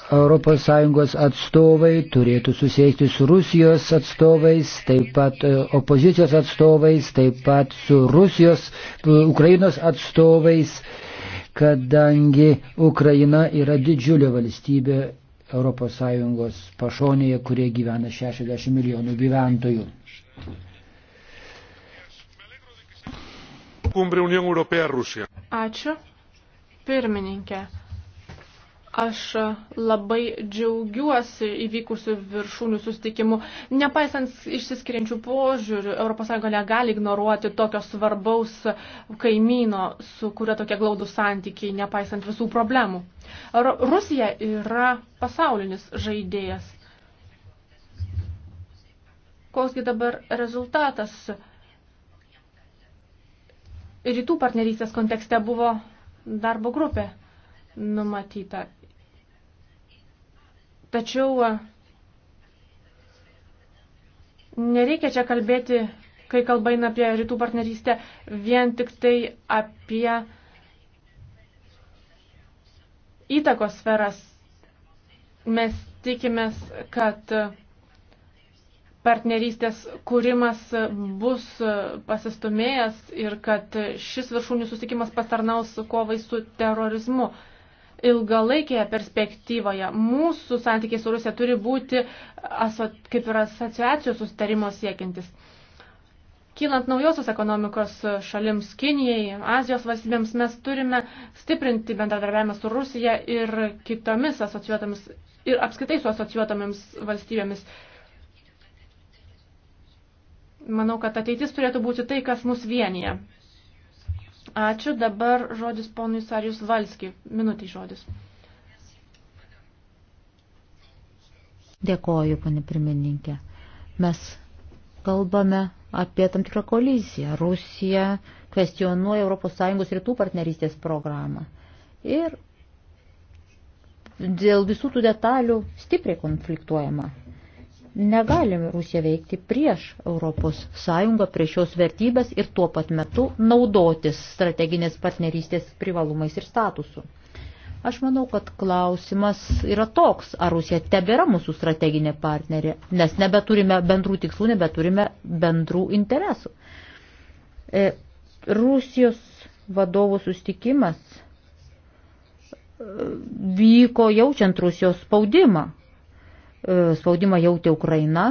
ES atstovai turėtų susėsti su Rusijos atstovais, taip pat e, opozicijos atstovais, taip pat su Rusijos, e, Ukrainos atstovais kadangi Ukraina yra didžiulė valstybė ES pašonėje, kurie gyvena 60 milijonų gyventojų.
Ačiū. Pirmininkė. Aš labai džiaugiuosi įvykusių viršūnių sustikimų. Nepaisant išsiskiriančių požiūrių, ES negali ignoruoti tokio svarbaus kaimyno, su kurio tokie glaudų santykiai, nepaisant visų problemų. Rusija yra pasaulinis žaidėjas. Koksgi dabar rezultatas rytų partnerystės kontekste buvo darbo grupė numatyta Tačiau nereikia čia kalbėti, kai kalba eina apie rytų partnerystę, vien tik tai apie įtakos sferas. Mes tikimės, kad partnerystės kūrimas bus pasistumėjęs ir kad šis viršūnių susitikimas pastarnaus kovai su terorizmu ilgalaikėje perspektyvoje mūsų santykiai su Rusija turi būti kaip ir asociacijos sustarimo siekintis. Kylant naujosios ekonomikos šalims Kinijai, Azijos valstybėms, mes turime stiprinti bendradarbiavimą su Rusija ir kitomis asociuotomis ir apskritai su asociuotomis valstybėmis. Manau, kad ateitis turėtų būti tai, kas mus vienyje. Ačiū. Dabar žodis ponui Sarijus Valski. Minutį žodis.
Dėkoju, pane pirmininkė. Mes kalbame apie tam tikrą koliziją. Rusija kvestionuoja ES rytų partnerystės programą. Ir dėl visų tų detalių stipriai konfliktuojama negalime Rusija veikti prieš Europos Sąjungą, prieš šios vertybės ir tuo pat metu naudotis strateginės partnerystės privalumais ir statusu. Aš manau, kad klausimas yra toks, ar Rusija tebėra mūsų strateginė partnerė, nes nebeturime bendrų tikslų, nebeturime bendrų interesų. E, Rusijos vadovų sustikimas e, vyko jaučiant Rusijos spaudimą E, spaudimą jautė Ukraina,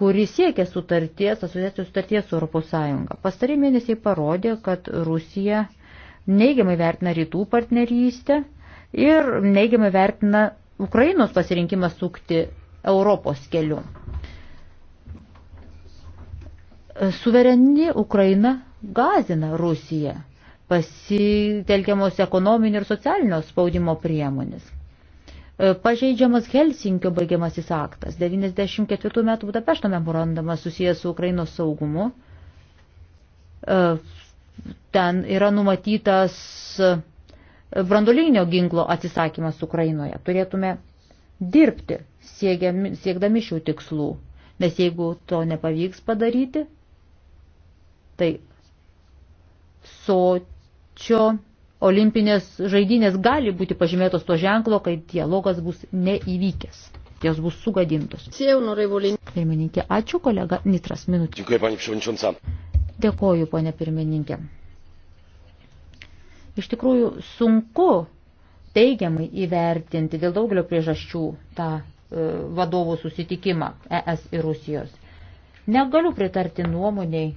kuri siekia sutarties, asociacijos sutarties su ES. Pastari mėnesiai parodė, kad Rusija neigiamai vertina rytų partnerystę ir neigiamai vertina Ukrainos pasirinkimą sukti Europos keliu. Suvereni Ukraina gazina Rusiją pasitelkiamos ekonominio ir socialinio spaudimo priemonės. E, pažeidžiamas Helsinkio baigiamasis aktas, 94 metų Budapešto memorandumas susijęs su Ukrainos saugumu. E, ten yra numatytas e, brandolinio ginklo atsisakymas Ukrainoje. Turėtume dirbti siekiami, siekdami šių tikslų, nes jeigu to nepavyks padaryti, tai sočio olimpinės žaidynės gali būti pažymėtos to ženklo, kai dialogas bus neįvykęs. Jos bus sugadintos. Pirmininkė, ačiū kolega Nitras minutė. Dėkoju, ponė pirmininkė. Iš tikrųjų sunku teigiamai įvertinti dėl daugelio priežasčių tą e, vadovų susitikimą ES ir Rusijos. Negaliu pritarti nuomoniai,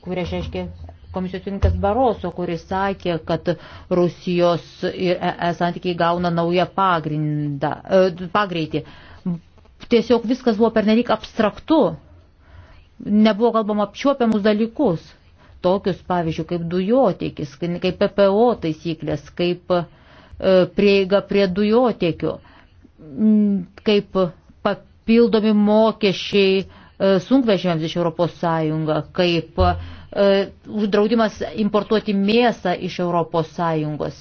kuria šeškė komisijos pirmininkas Baroso, kuris sakė, kad Rusijos ir ES santykiai gauna naują pagrindą, e, pagreitį. Tiesiog viskas buvo pernelyg abstraktu, nebuvo kalbama apčiuopiamus dalykus, tokius pavyzdžiui kaip dujotiekis, kaip PPO taisyklės, kaip e, prieiga prie dujotiekių, kaip papildomi mokesčiai e, sunkvežimiams iš Europos Sąjungą, kaip uh, E, uždraudimas importuoti mėsą iš ES.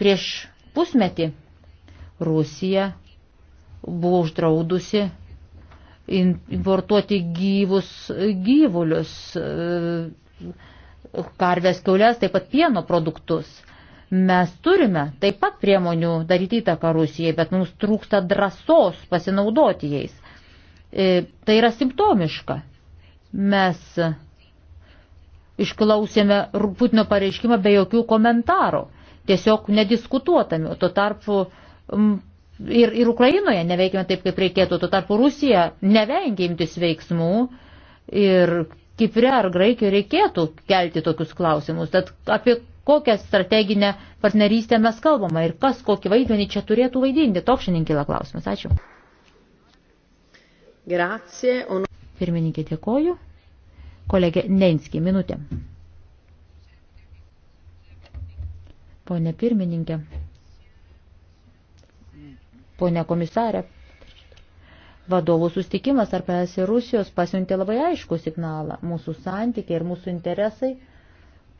Prieš pusmetį Rusija buvo uždraudusi importuoti gyvus gyvulius, e, karvės kiaulės, taip pat pieno produktus. Mes turime taip pat priemonių daryti įtaką Rusijai, bet mums trūksta drąsos pasinaudoti jais. E, tai yra simptomiška. Mes išklausėme Putino pareiškimą be jokių komentarų, tiesiog nediskutuotami. Tuo tarpu ir, ir Ukrainoje neveikime taip, kaip reikėtų, tuo tarpu Rusija nevengia imtis veiksmų ir Kipre ar Graikijoje reikėtų kelti tokius klausimus. Tad apie kokią strateginę partnerystę mes kalbame ir kas kokį vaidmenį čia turėtų vaidinti. Toks šiandien kila klausimas. Ačiū.
Grazie.
Pirmininkė, dėkoju. Kolegė Neinskį, minutė. Pone pirmininkė, pone komisarė, vadovų sustikimas tarp ES ir Rusijos pasiuntė labai aišku signalą. Mūsų santykiai ir mūsų interesai,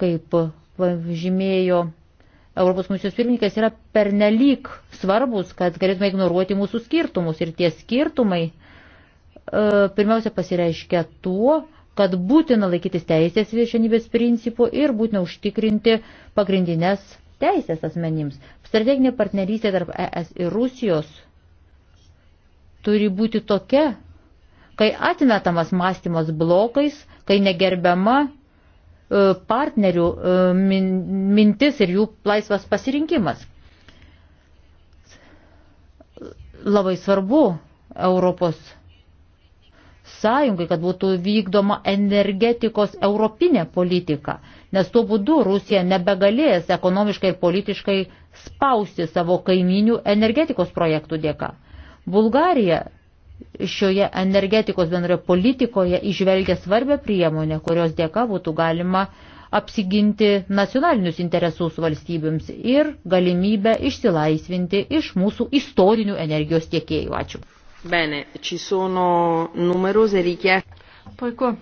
kaip žymėjo Europos komisijos pirmininkas, yra pernelyg svarbus, kad galėtume ignoruoti mūsų skirtumus. Ir tie skirtumai e, pirmiausia pasireiškia tuo, kad būtina laikytis teisės viršenybės principų ir būtina užtikrinti pagrindinės teisės asmenims. Strateginė partnerystė tarp ES ir Rusijos turi būti tokia, kai atmetamas mąstymas blokais, kai negerbiama e, partnerių e, mintis ir jų laisvas pasirinkimas. Labai svarbu Europos Sąjungai, kad būtų vykdoma energetikos europinė politika, nes tuo būdu Rusija nebegalės ekonomiškai ir politiškai spausti savo kaiminių energetikos projektų dėka. Bulgarija šioje energetikos bendroje politikoje išvelgia svarbę priemonę, kurios dėka būtų galima apsiginti nacionalinius interesus valstybėms ir galimybę išsilaisvinti iš mūsų istorinių energijos tiekėjų. Ačiū. Bene, ci sono numerose
richieste. Puiku.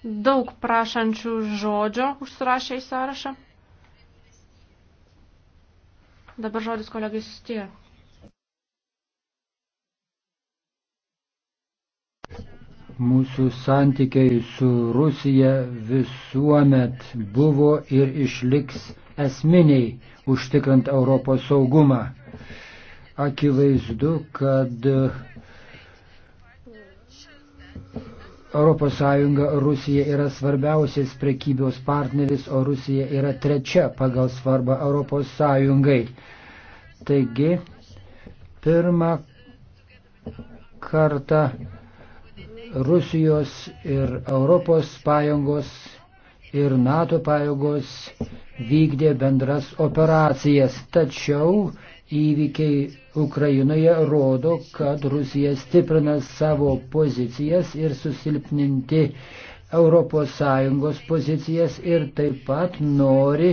Daug prašančių žodžio užsirašė į sąrašą. Dabar žodis kolegai sustijo.
mūsų santykiai su Rusija visuomet buvo ir išliks esminiai užtikrant Europos saugumą akivaizdu, kad ES Rusija yra svarbiausias prekybos partneris, o Rusija yra trečia pagal svarbą ES. Taigi, pirmą kartą Rusijos ir Europos pajėgos ir NATO pajėgos vykdė bendras operacijas. Tačiau įvykiai Ukrainoje rodo, kad Rusija stiprina savo pozicijas ir susilpninti ES pozicijas ir taip pat nori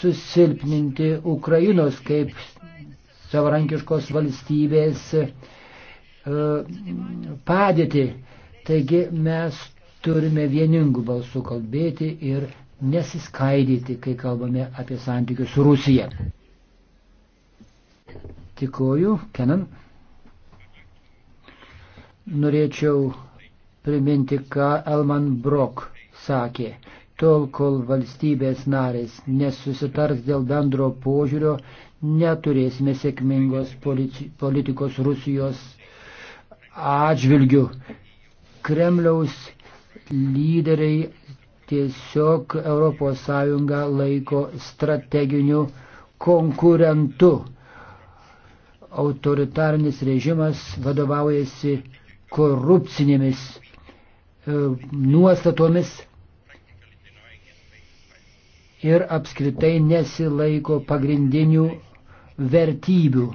susilpninti Ukrainos kaip savarankiškos valstybės e, padėtį. Taigi mes turime vieningų balsų kalbėti ir nesiskaidyti, kai kalbame apie santykius su Rusija. Tikoju, Kenan. Norėčiau priminti, ką Elman Brok sakė. Tol, kol valstybės narės nesusitars dėl bendro požiūrio, neturėsime sėkmingos politikos Rusijos atžvilgių. Kremliaus lyderiai tiesiog ES laiko strateginiu konkurentu autoritarinis režimas vadovaujasi korupcinėmis e, nuostatomis ir apskritai nesilaiko pagrindinių vertybių.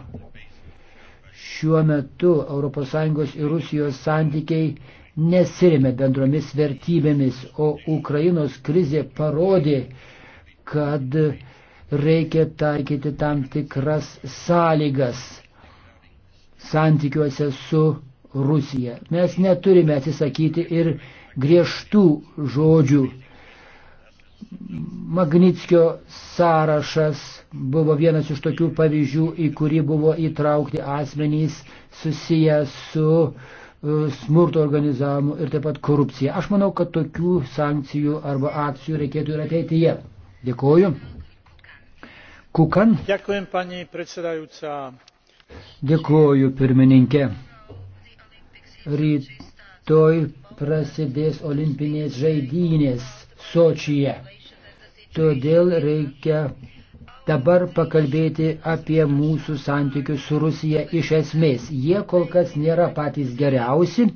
Šiuo metu ES ir Rusijos santykiai nesirime bendromis vertybėmis, o Ukrainos krizė parodė, kad reikia taikyti tam tikras sąlygas santykiuose su Rusija. Mes neturime atsisakyti ir griežtų žodžių. Magnitskio sąrašas buvo vienas iš tokių pavyzdžių, į kurį buvo įtraukti asmenys susiję su e, smurto organizavimu ir taip pat korupcija. Aš manau, kad tokių sankcijų arba akcijų reikėtų ir ateityje. Dėkoju. Kukan. Dėkuoju, panie predsedajúca. Dėkuoju, pirmininkė. Rytoj prasidės olimpinės žaidynės Sočyje. Todėl reikia dabar pakalbėti apie mūsų santykius su Rusija iš esmės. Jie kol kas nėra patys geriausi.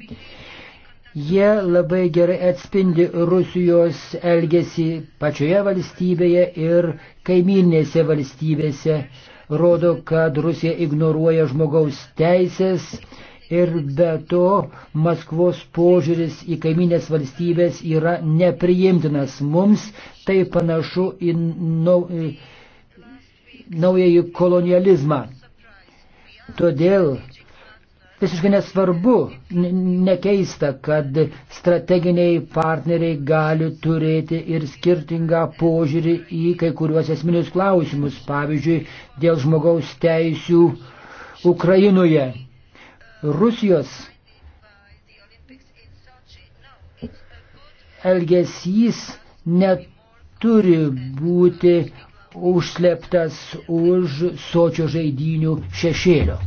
Jie labai gerai atspindi Rusijos elgesį pačioje valstybėje ir kaiminėse valstybėse rodo, kad Rusija ignoruoja žmogaus teisės ir be to Maskvos požiūris į kaiminės valstybės yra nepriimtinas. Mums tai panašu į nau, naująjį kolonializmą. Todėl visiškai nesvarbu, nekeista, kad strateginiai partneriai gali turėti ir skirtingą požiūrį į kai kuriuos esminius klausimus, pavyzdžiui, dėl žmogaus teisių Ukrainoje. Rusijos elgesys neturi būti užsleptas už sočio žaidinių šešėlio.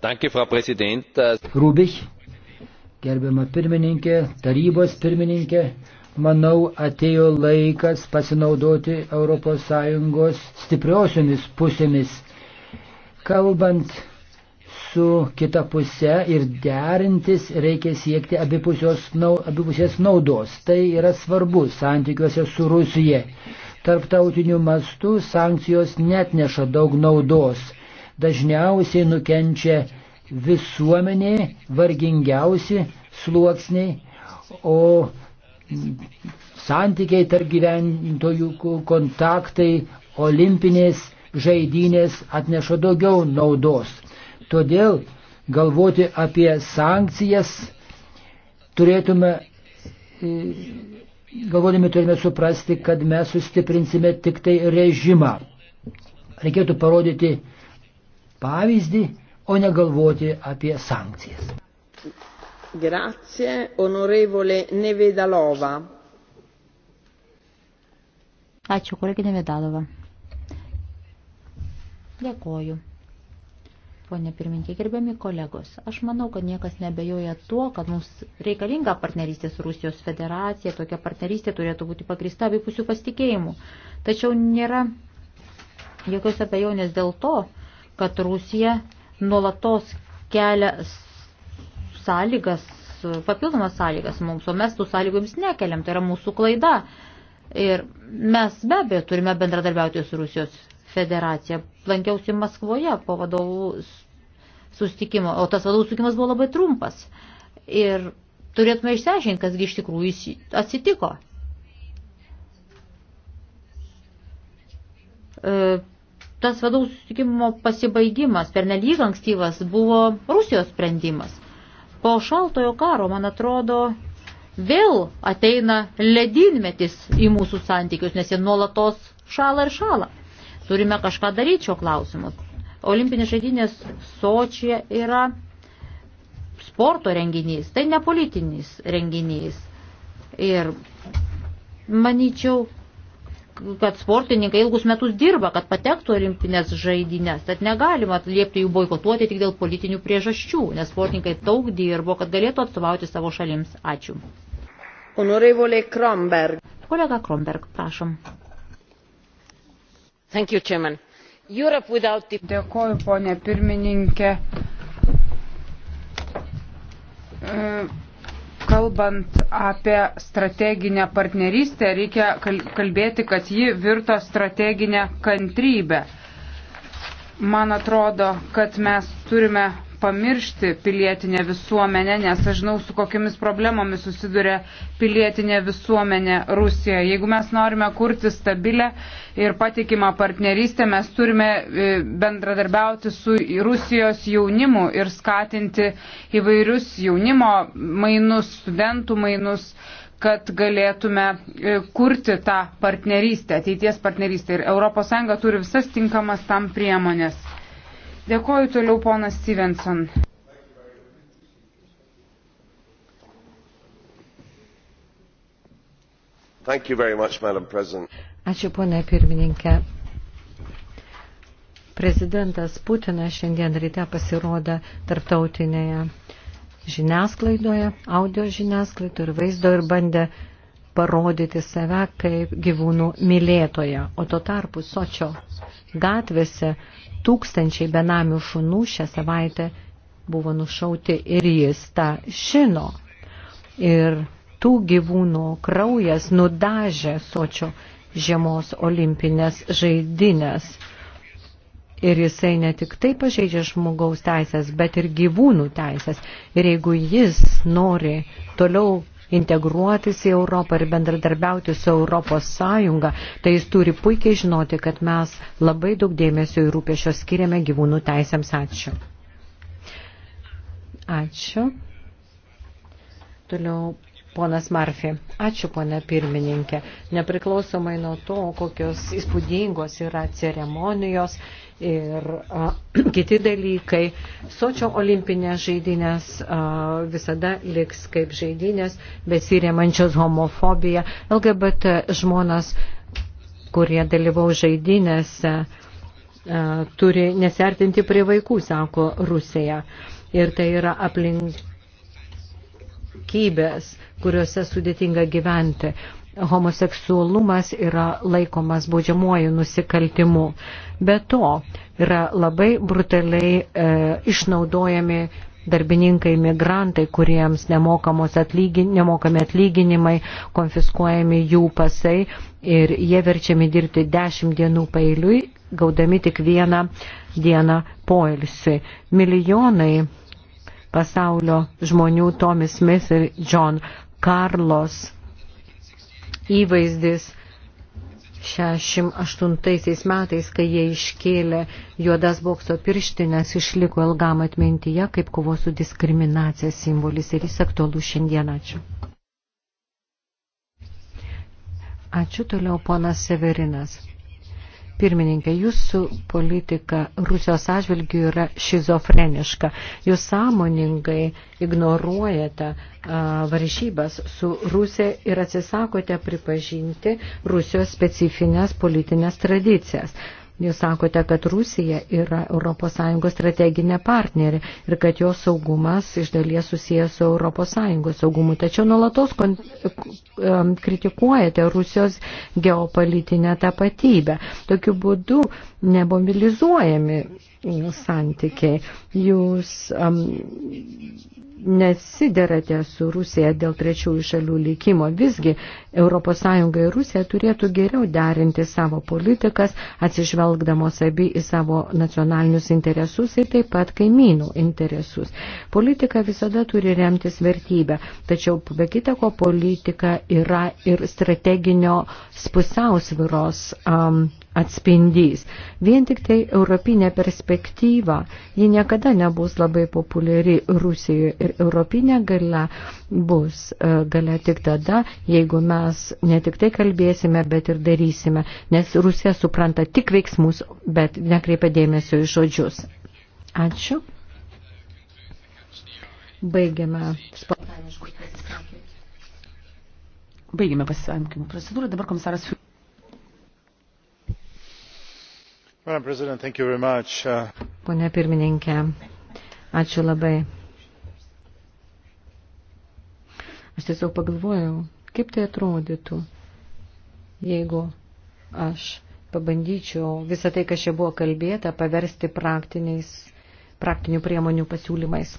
Danke, Frau Präsident.
Rubich, gerbiama pirmininkė, tarybos pirmininkė, manau atėjo laikas pasinaudoti ES stipriosiomis pusėmis. Kalbant su kita puse ir derintis reikia siekti abipusės naudos. Tai yra svarbu santykiuose su Rusija. Tarptautiniu mastu sankcijos net neša daug naudos. Dažniausiai nukenčia visuomenė, vargingiausi sluoksniai, o santykiai tarp gyventojų, kontaktai, olimpinės žaidynės atneša daugiau naudos. Todėl galvoti apie sankcijas turėtume e, galvodami turime suprasti, kad mes sustiprinsime tik tai režimą. Reikėtų parodyti pavyzdį, o ne galvoti apie sankcijas.
Grazie, onorevole Nevedalova.
Ačiū,
kolegė Nevedalova. Dėkoju. Pone pirmininkė, gerbiami kolegos, aš manau, kad niekas nebejoja tuo, kad mums reikalinga partnerystė su Rusijos federacija, tokia partnerystė turėtų būti pagrįsta abipusių pasitikėjimų. Tačiau nėra jokios abejonės dėl to, kad Rusija nuolatos kelia sąlygas, papildomas sąlygas mums, o mes tų sąlygų jums nekeliam, tai yra mūsų klaida. Ir mes be abejo turime bendradarbiauti su Rusijos federaciją. Lankiausi Maskvoje po vadovų sustikimo, o tas vadovų sustikimas buvo labai trumpas. Ir turėtume išsiaiškinti, kasgi iš tikrųjų atsitiko. E, tas vadovų sustikimo pasibaigimas per nelyg ankstyvas buvo Rusijos sprendimas. Po šaltojo karo, man atrodo, vėl ateina ledinmetis į mūsų santykius, nes jie nuolatos šala ir šala. Turime kažką daryti šio klausimu. Olimpinės žaidynės Sočija yra sporto renginys, tai ne politinis renginys. Ir manyčiau, kad sportininkai ilgus metus dirba, kad patektų olimpinės žaidynės, tad negalima liepti jų boikotuoti tik dėl politinių priežasčių, nes sportininkai daug dirbo, kad galėtų atstovauti savo šalims. Ačiū.
Honorevole Kromberg. Kolega Kromberg, prašom.
Without... Dėkoju, ponė pirmininkė. E, kalbant apie strateginę partnerystę, reikia kalbėti, kad ji virto strateginę kantrybę. Man atrodo, kad mes turime pamiršti pilietinę visuomenę, nes aš žinau, su kokiamis problemomis susiduria pilietinė visuomenė Rusijoje. Jeigu mes norime kurti stabilę ir patikimą partnerystę, mes turime e, bendradarbiauti su Rusijos jaunimu ir skatinti įvairius jaunimo mainus, studentų mainus kad galėtume e, kurti tą partnerystę, ateities partnerystę. Ir ES turi visas tinkamas tam priemonės. Dėkoju toliau ponas Stevenson.
Much,
Ačiū, ponė
pirmininkė. Prezidentas Putinas šiandien ryte pasirodė tarptautinėje žiniasklaidoje, audio žiniasklaidoje ir vaizdo ir bandė parodyti save kaip gyvūnų mylėtoje. O tuo tarpu Sočio gatvėse tūkstančiai benamių šunų šią savaitę buvo nušauti ir jis tą žino. Ir tų gyvūnų kraujas nudažė sočio žiemos olimpinės žaidinės. Ir jisai ne tik tai pažeidžia žmogaus teisės, bet ir gyvūnų teisės. Ir jeigu jis nori toliau integruotis į Europą ir bendradarbiauti su Europos Sąjunga, tai jis turi puikiai žinoti, kad mes labai daug dėmesio ir rūpėšio skiriame gyvūnų teisėms. Ačiū. Ačiū. Toliau Ponas Marfi, ačiū ponė pirmininkė. Nepriklausomai nuo to, kokios įspūdingos yra ceremonijos, ir a, kiti dalykai. Sočio olimpinės žaidynės a, visada liks kaip žaidynės, besiriamančios homofobiją. LGBT žmonas, kurie dalyvau žaidynėse, a, turi nesertinti prie vaikų, sako Rusija. Ir tai yra aplinkybės, kuriuose sudėtinga gyventi homoseksualumas yra laikomas baudžiamuoju nusikaltimu. Be to yra labai brutaliai e, išnaudojami darbininkai, migrantai, kuriems atlygin, nemokami atlyginimai, konfiskuojami jų pasai ir jie verčiami dirbti dešimt dienų pailiui, gaudami tik vieną dieną poilsi. Milijonai pasaulio žmonių Tomis Smith ir John Carlos įvaizdis 68 metais, kai jie iškėlė juodas bokso pirštinės, išliko ilgam atmintyje kaip kovos su diskriminacija simbolis ir jis aktualus šiandien. Ačiū. Ačiū toliau ponas Severinas pirmininkė, jūsų politika Rusijos atžvilgių yra šizofreniška. Jūs sąmoningai ignoruojate varžybas su Rusija ir atsisakote pripažinti Rusijos specifines politinės tradicijas. Jūs sakote, kad Rusija yra ES strateginė partnerė ir kad jos saugumas iš dalies susijęs su ES saugumu. Tačiau nuolatos kritikuojate Rusijos geopolitinę tapatybę. Tokiu būdu nemobilizuojami santykiai. Jūs um, nesiderate su Rusija dėl trečiųjų šalių likimo. Visgi ES ir Rusija turėtų geriau derinti savo politikas, atsižvelgdamos abi į savo nacionalinius interesus ir taip pat kaimynų interesus. Politika visada turi remtis vertybę, tačiau be kitako politika yra ir strateginio pusiausviros. Um, atspindys. Vien tik tai europinė perspektyva, ji niekada nebus labai populiari Rusijoje ir europinė gale bus e, gale tik tada, jeigu mes ne tik tai kalbėsime, bet ir darysime, nes Rusija supranta tik veiksmus, bet nekreipia dėmesio į žodžius. Ačiū. Baigiame
spontaniškus
pasisakymus.
Baigiame pasisakymų procedūrą, dabar komisaras.
Uh,
Pone pirmininkė, ačiū labai. Aš tiesiog pagalvojau, kaip tai atrodytų, jeigu aš pabandyčiau visą tai, kas čia buvo kalbėta, paversti praktiniais, praktinių priemonių pasiūlymais.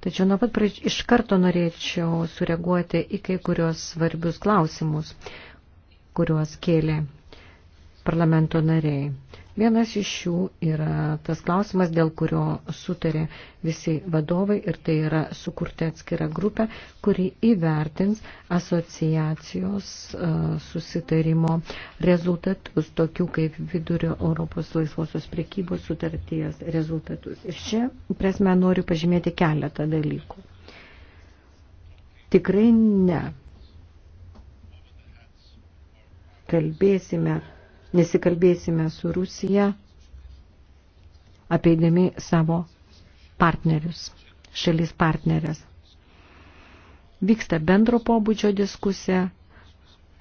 Tačiau nuo pat pradž... iš karto norėčiau sureaguoti į kai kurios svarbius klausimus, kuriuos kėlė parlamento nariai. Vienas iš jų yra tas klausimas, dėl kurio sutarė visi vadovai ir tai yra sukurti atskirą grupę, kuri įvertins asociacijos e, susitarimo rezultatus, tokių kaip vidurio Europos laisvosios priekybos sutarties rezultatus. Ir čia prasme noriu pažymėti keletą dalykų. Tikrai ne. Kalbėsime nesikalbėsime su Rusija, apeidami savo partnerius, šalis partnerės. Vyksta bendro pobūdžio diskusija,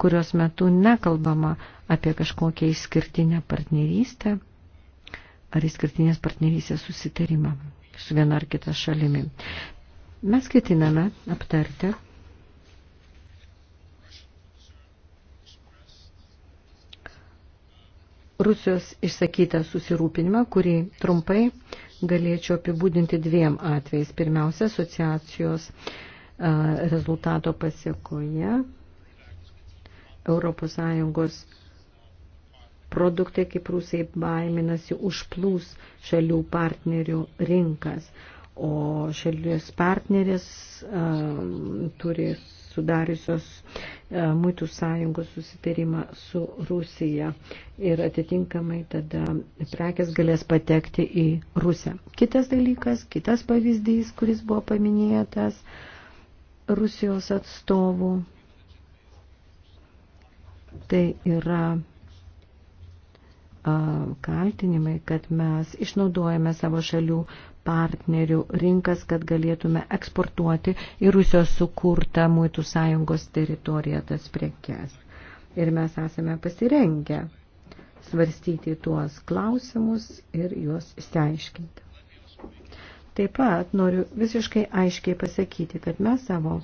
kurios metu nekalbama apie kažkokią išskirtinę partnerystę ar išskirtinės partnerystės susitarimą su viena ar kita šalimi. Mes ketiname aptarti Rusijos išsakytą susirūpinimą, kurį trumpai galėčiau apibūdinti dviem atvejais. Pirmiausia, asociacijos rezultato pasiekoje ES produktai, kaip rusai baiminasi, užplūs šalių partnerių rinkas, o šalies partneris um, turi sudariusios e, muitų sąjungos susitarimą su Rusija ir atitinkamai tada prekes galės patekti į Rusiją. Kitas dalykas, kitas pavyzdys, kuris buvo paminėtas Rusijos atstovų, tai yra kaltinimai, kad mes išnaudojame savo šalių partnerių rinkas, kad galėtume eksportuoti į Rusijos sukurtą Muitų sąjungos teritoriją tas prekes. Ir mes esame pasirengę svarstyti tuos klausimus ir juos įsiaiškinti. Taip pat noriu visiškai aiškiai pasakyti, kad mes savo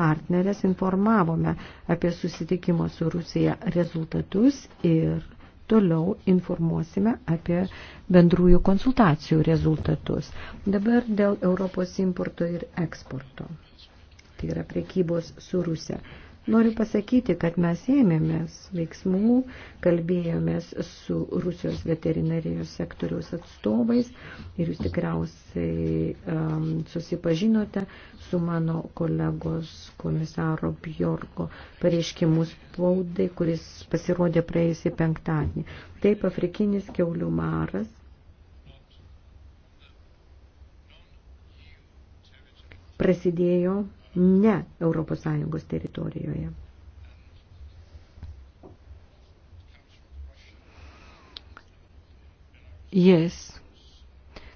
partnerės informavome apie susitikimo su Rusija rezultatus ir toliau informuosime apie bendrųjų konsultacijų rezultatus. Dabar dėl Europos importo ir eksporto. Tai yra prekybos su Rusija. Noriu pasakyti, kad mes ėmėmės veiksmų, kalbėjomės su Rusijos veterinarijos sektoriaus atstovais ir jūs tikriausiai um, susipažinote su mano kolegos komisaro Bjorko pareiškimus spaudai, kuris pasirodė praėjusį penktadienį. Taip, afrikinis keulių maras prasidėjo ne ES teritorijoje. Jis,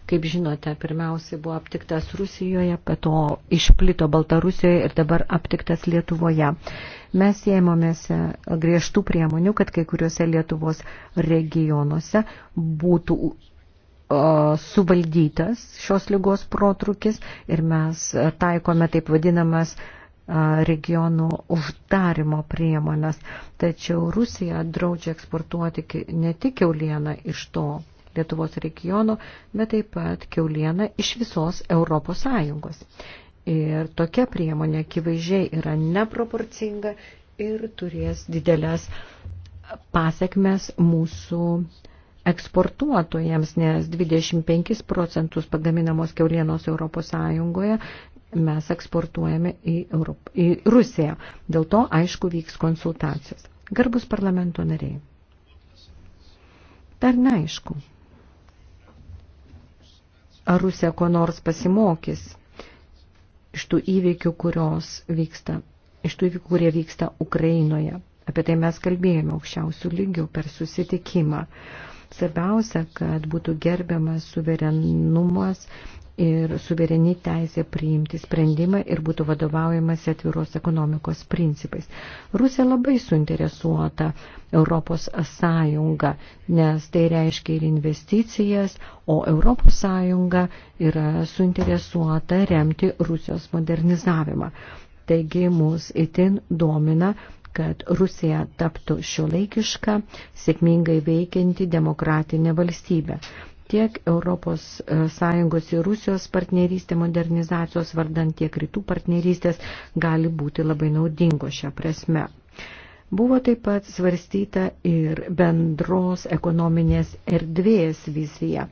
kaip žinote, pirmiausiai buvo aptiktas Rusijoje, pato išplito Baltarusijoje ir dabar aptiktas Lietuvoje. Mes ėmėmės e, griežtų priemonių, kad kai kuriuose Lietuvos regionuose būtų suvaldytas šios lygos protrukis ir mes taikome taip vadinamas regionų uždarimo priemonės. Tačiau Rusija draudžia eksportuoti ne tik keulieną iš to Lietuvos regiono, bet taip pat keulieną iš visos Europos Sąjungos. Ir tokia priemonė akivaizdžiai yra neproporcinga ir turės didelės pasiekmes mūsų uh, eksportuotojams, nes 25 procentus pagaminamos keulienos Europos Sąjungoje mes eksportuojame į, Europą, į Rusiją. Dėl to, aišku, vyks konsultacijos. Garbus parlamento nariai. Dar neaišku. Ar Rusija ko nors pasimokys iš tų įvykių, kurios vyksta, iš tų įvykių, kurie vyksta Ukrainoje. Apie tai mes kalbėjome aukščiausių lygių per susitikimą. Svarbiausia, kad būtų gerbiamas suverenumas ir suvereni teisė priimti sprendimą ir būtų vadovaujamas atviros ekonomikos principais. Rusija labai suinteresuota Europos sąjunga, nes tai reiškia ir investicijas, o Europos sąjunga yra suinteresuota remti Rusijos modernizavimą. Taigi mus itin domina kad Rusija taptų šiuolaikišką, sėkmingai veikianti demokratinę valstybę tiek ES e, ir Rusijos partnerystė modernizacijos vardant, tiek rytų partnerystės gali būti labai naudingo šią prasme. Buvo taip pat svarstyta ir bendros ekonominės erdvės vizija.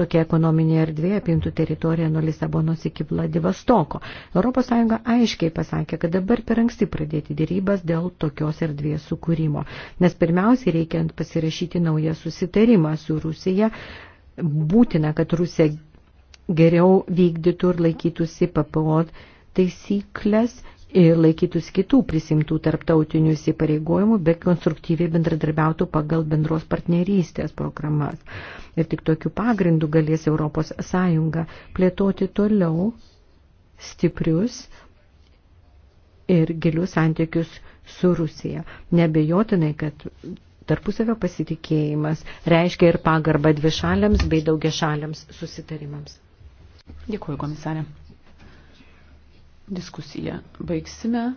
Tokia ekonominė erdvė apimtų teritoriją nuo Lisabonos iki Vladivostoko. ES aiškiai pasakė, kad dabar per anksti pradėti dėrybas dėl tokios erdvės sukūrimo, nes pirmiausiai reikiant pasirašyti naują susitarimą su Rusija. Būtina, kad Rusija geriau vykdytų ir laikytųsi PPO taisyklės ir laikytųsi kitų prisimtų tarptautinių įsipareigojimų, bet konstruktyviai bendradarbiautų pagal bendros partnerystės programas. Ir tik tokiu pagrindu galės ES plėtoti toliau stiprius ir gilius santykius su Rusija. Nebejotinai, kad tarpusavio pasitikėjimas reiškia ir pagarbą dvišaliams bei daugiašaliams susitarimams.
Dėkuoju, komisarė. Diskusiją baigsime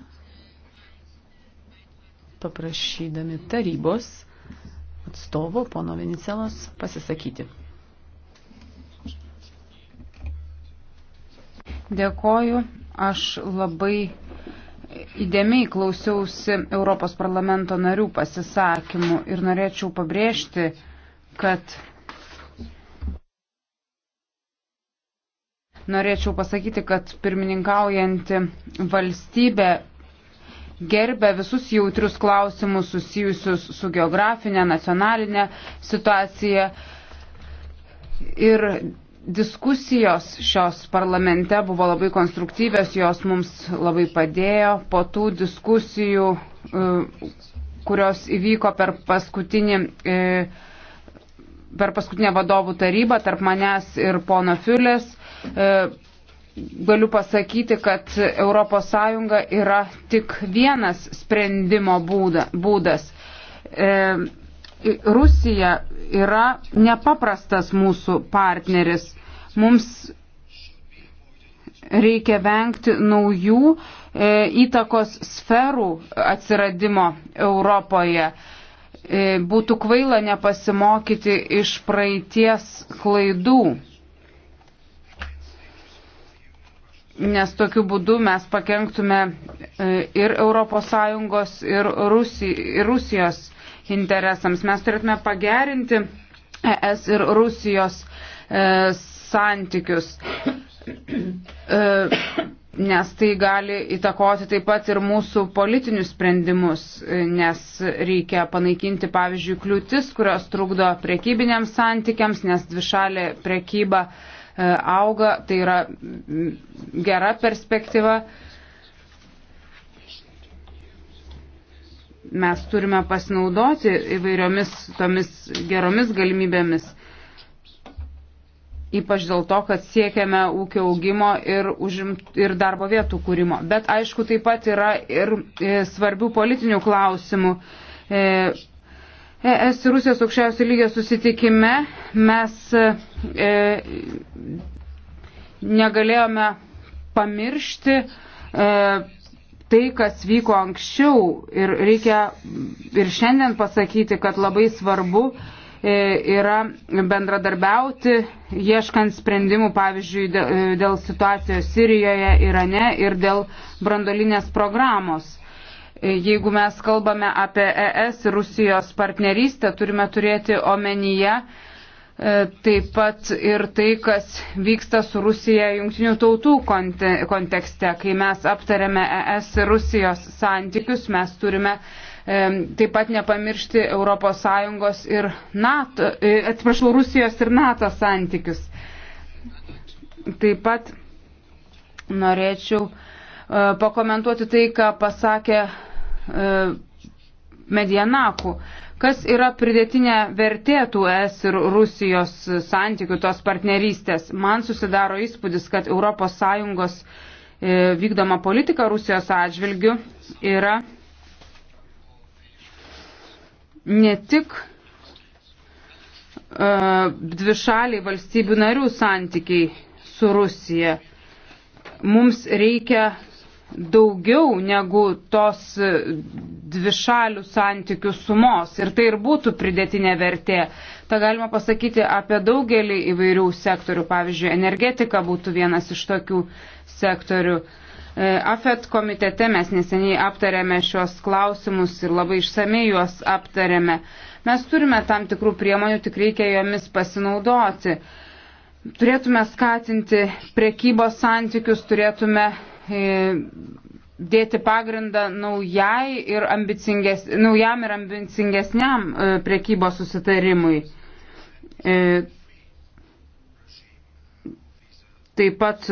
paprašydami tarybos
atstovo pono Venicelos pasisakyti. Dėkoju. Aš labai įdėmiai klausiausi Europos parlamento narių pasisakymų ir norėčiau pabrėžti, kad norėčiau pasakyti, kad pirmininkaujanti valstybė gerbė visus jautrius klausimus susijusius su geografinė, nacionalinė situacija. Ir diskusijos šios parlamente buvo labai konstruktyvios, jos mums labai padėjo. Po tų diskusijų, e, kurios įvyko per paskutinį e, per paskutinę vadovų tarybą tarp manęs ir pono Fiulės E, galiu pasakyti, kad ES yra tik vienas sprendimo būda, būdas. E, Rusija yra nepaprastas mūsų partneris. Mums reikia vengti naujų e, įtakos sferų atsiradimo Europoje. E, būtų kvaila nepasimokyti iš praeities klaidų. nes tokiu būdu mes pakenktume e, ir ES, ir, Rusi, ir Rusijos interesams. Mes turėtume pagerinti ES ir Rusijos e, santykius, e, nes tai gali įtakoti taip pat ir mūsų politinius sprendimus, nes reikia panaikinti, pavyzdžiui, kliūtis, kurios trukdo prekybiniams santykiams, nes dvišalė prekyba e, E, auga, tai yra gera perspektyva. Mes turime pasinaudoti įvairiomis tomis geromis galimybėmis, ypač dėl to, kad siekiame ūkio augimo ir, užimt, ir darbo vietų kūrimo. Bet aišku, taip pat yra ir e, svarbių politinių klausimų. ES e ir Rusijos aukščiausių lygio susitikime mes e, negalėjome pamiršti e, tai, kas vyko anksčiau ir reikia ir šiandien pasakyti, kad labai svarbu e, yra bendradarbiauti, ieškant sprendimų, pavyzdžiui, e, dėl situacijos Sirijoje, Irane ir dėl brandolinės programos. E, jeigu mes kalbame apie ES ir Rusijos partnerystę, turime turėti omenyje, E, taip pat ir tai, kas vyksta su Rusija jungtinių tautų kontekste. Kai mes aptarėme ES ir Rusijos santykius, mes turime e, taip pat nepamiršti ES ir NATO, e, atsiprašau, Rusijos ir NATO santykius. Taip pat norėčiau pakomentuoti tai, ką pasakė Medianaku. Kas yra pridėtinė vertė tų ES ir Rusijos santykių, tos partnerystės? Man susidaro įspūdis, kad ES e, vykdoma politika Rusijos atžvilgių yra ne tik uh, dvišaliai valstybių narių santykiai su Rusija. Mums reikia daugiau negu tos dvišalių santykių sumos. Ir tai ir būtų pridėtinė vertė. Ta galima pasakyti apie daugelį įvairių sektorių. Pavyzdžiui, energetika būtų vienas iš tokių sektorių. E, AFET komitete mes neseniai aptarėme šios klausimus ir labai išsamei juos aptarėme. Mes turime tam tikrų priemonių, tik reikia jomis pasinaudoti turėtume skatinti priekybos santykius, turėtume E, dėti pagrindą naujai ir naujam ir ambicingesniam e, priekybos susitarimui. E, taip pat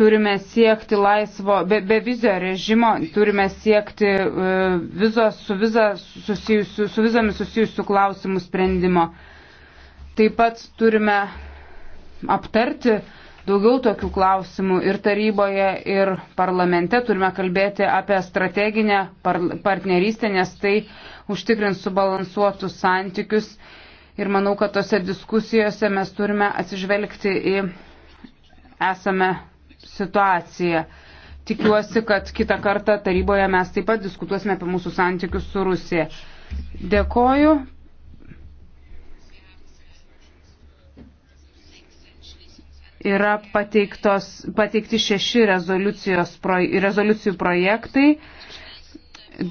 turime siekti laisvo, be, be vizio režimo, turime siekti vizos, su, viza susijusių, su vizomis susijusių klausimų sprendimo. Taip pat turime aptarti uh, daugiau tokių klausimų ir taryboje, ir parlamente. Turime kalbėti apie strateginę partnerystę, nes tai užtikrins subalansuotus santykius. Ir manau, kad tose diskusijose mes turime atsižvelgti į esamą situaciją. Tikiuosi, kad kitą kartą taryboje mes taip pat diskutuosime apie mūsų santykius su Rusija. Dėkoju. yra pateiktos, pateikti šeši pro, rezoliucijų projektai.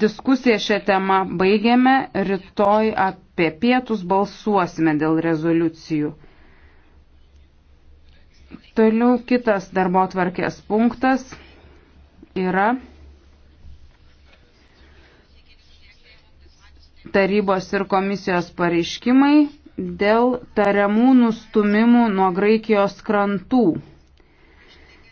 Diskusiją šią temą baigėme, rytoj apie pietus balsuosime dėl rezoliucijų. Toliau kitas darbo tvarkės punktas yra tarybos ir komisijos pareiškimai dėl tariamų nustumimų nuo Graikijos krantų.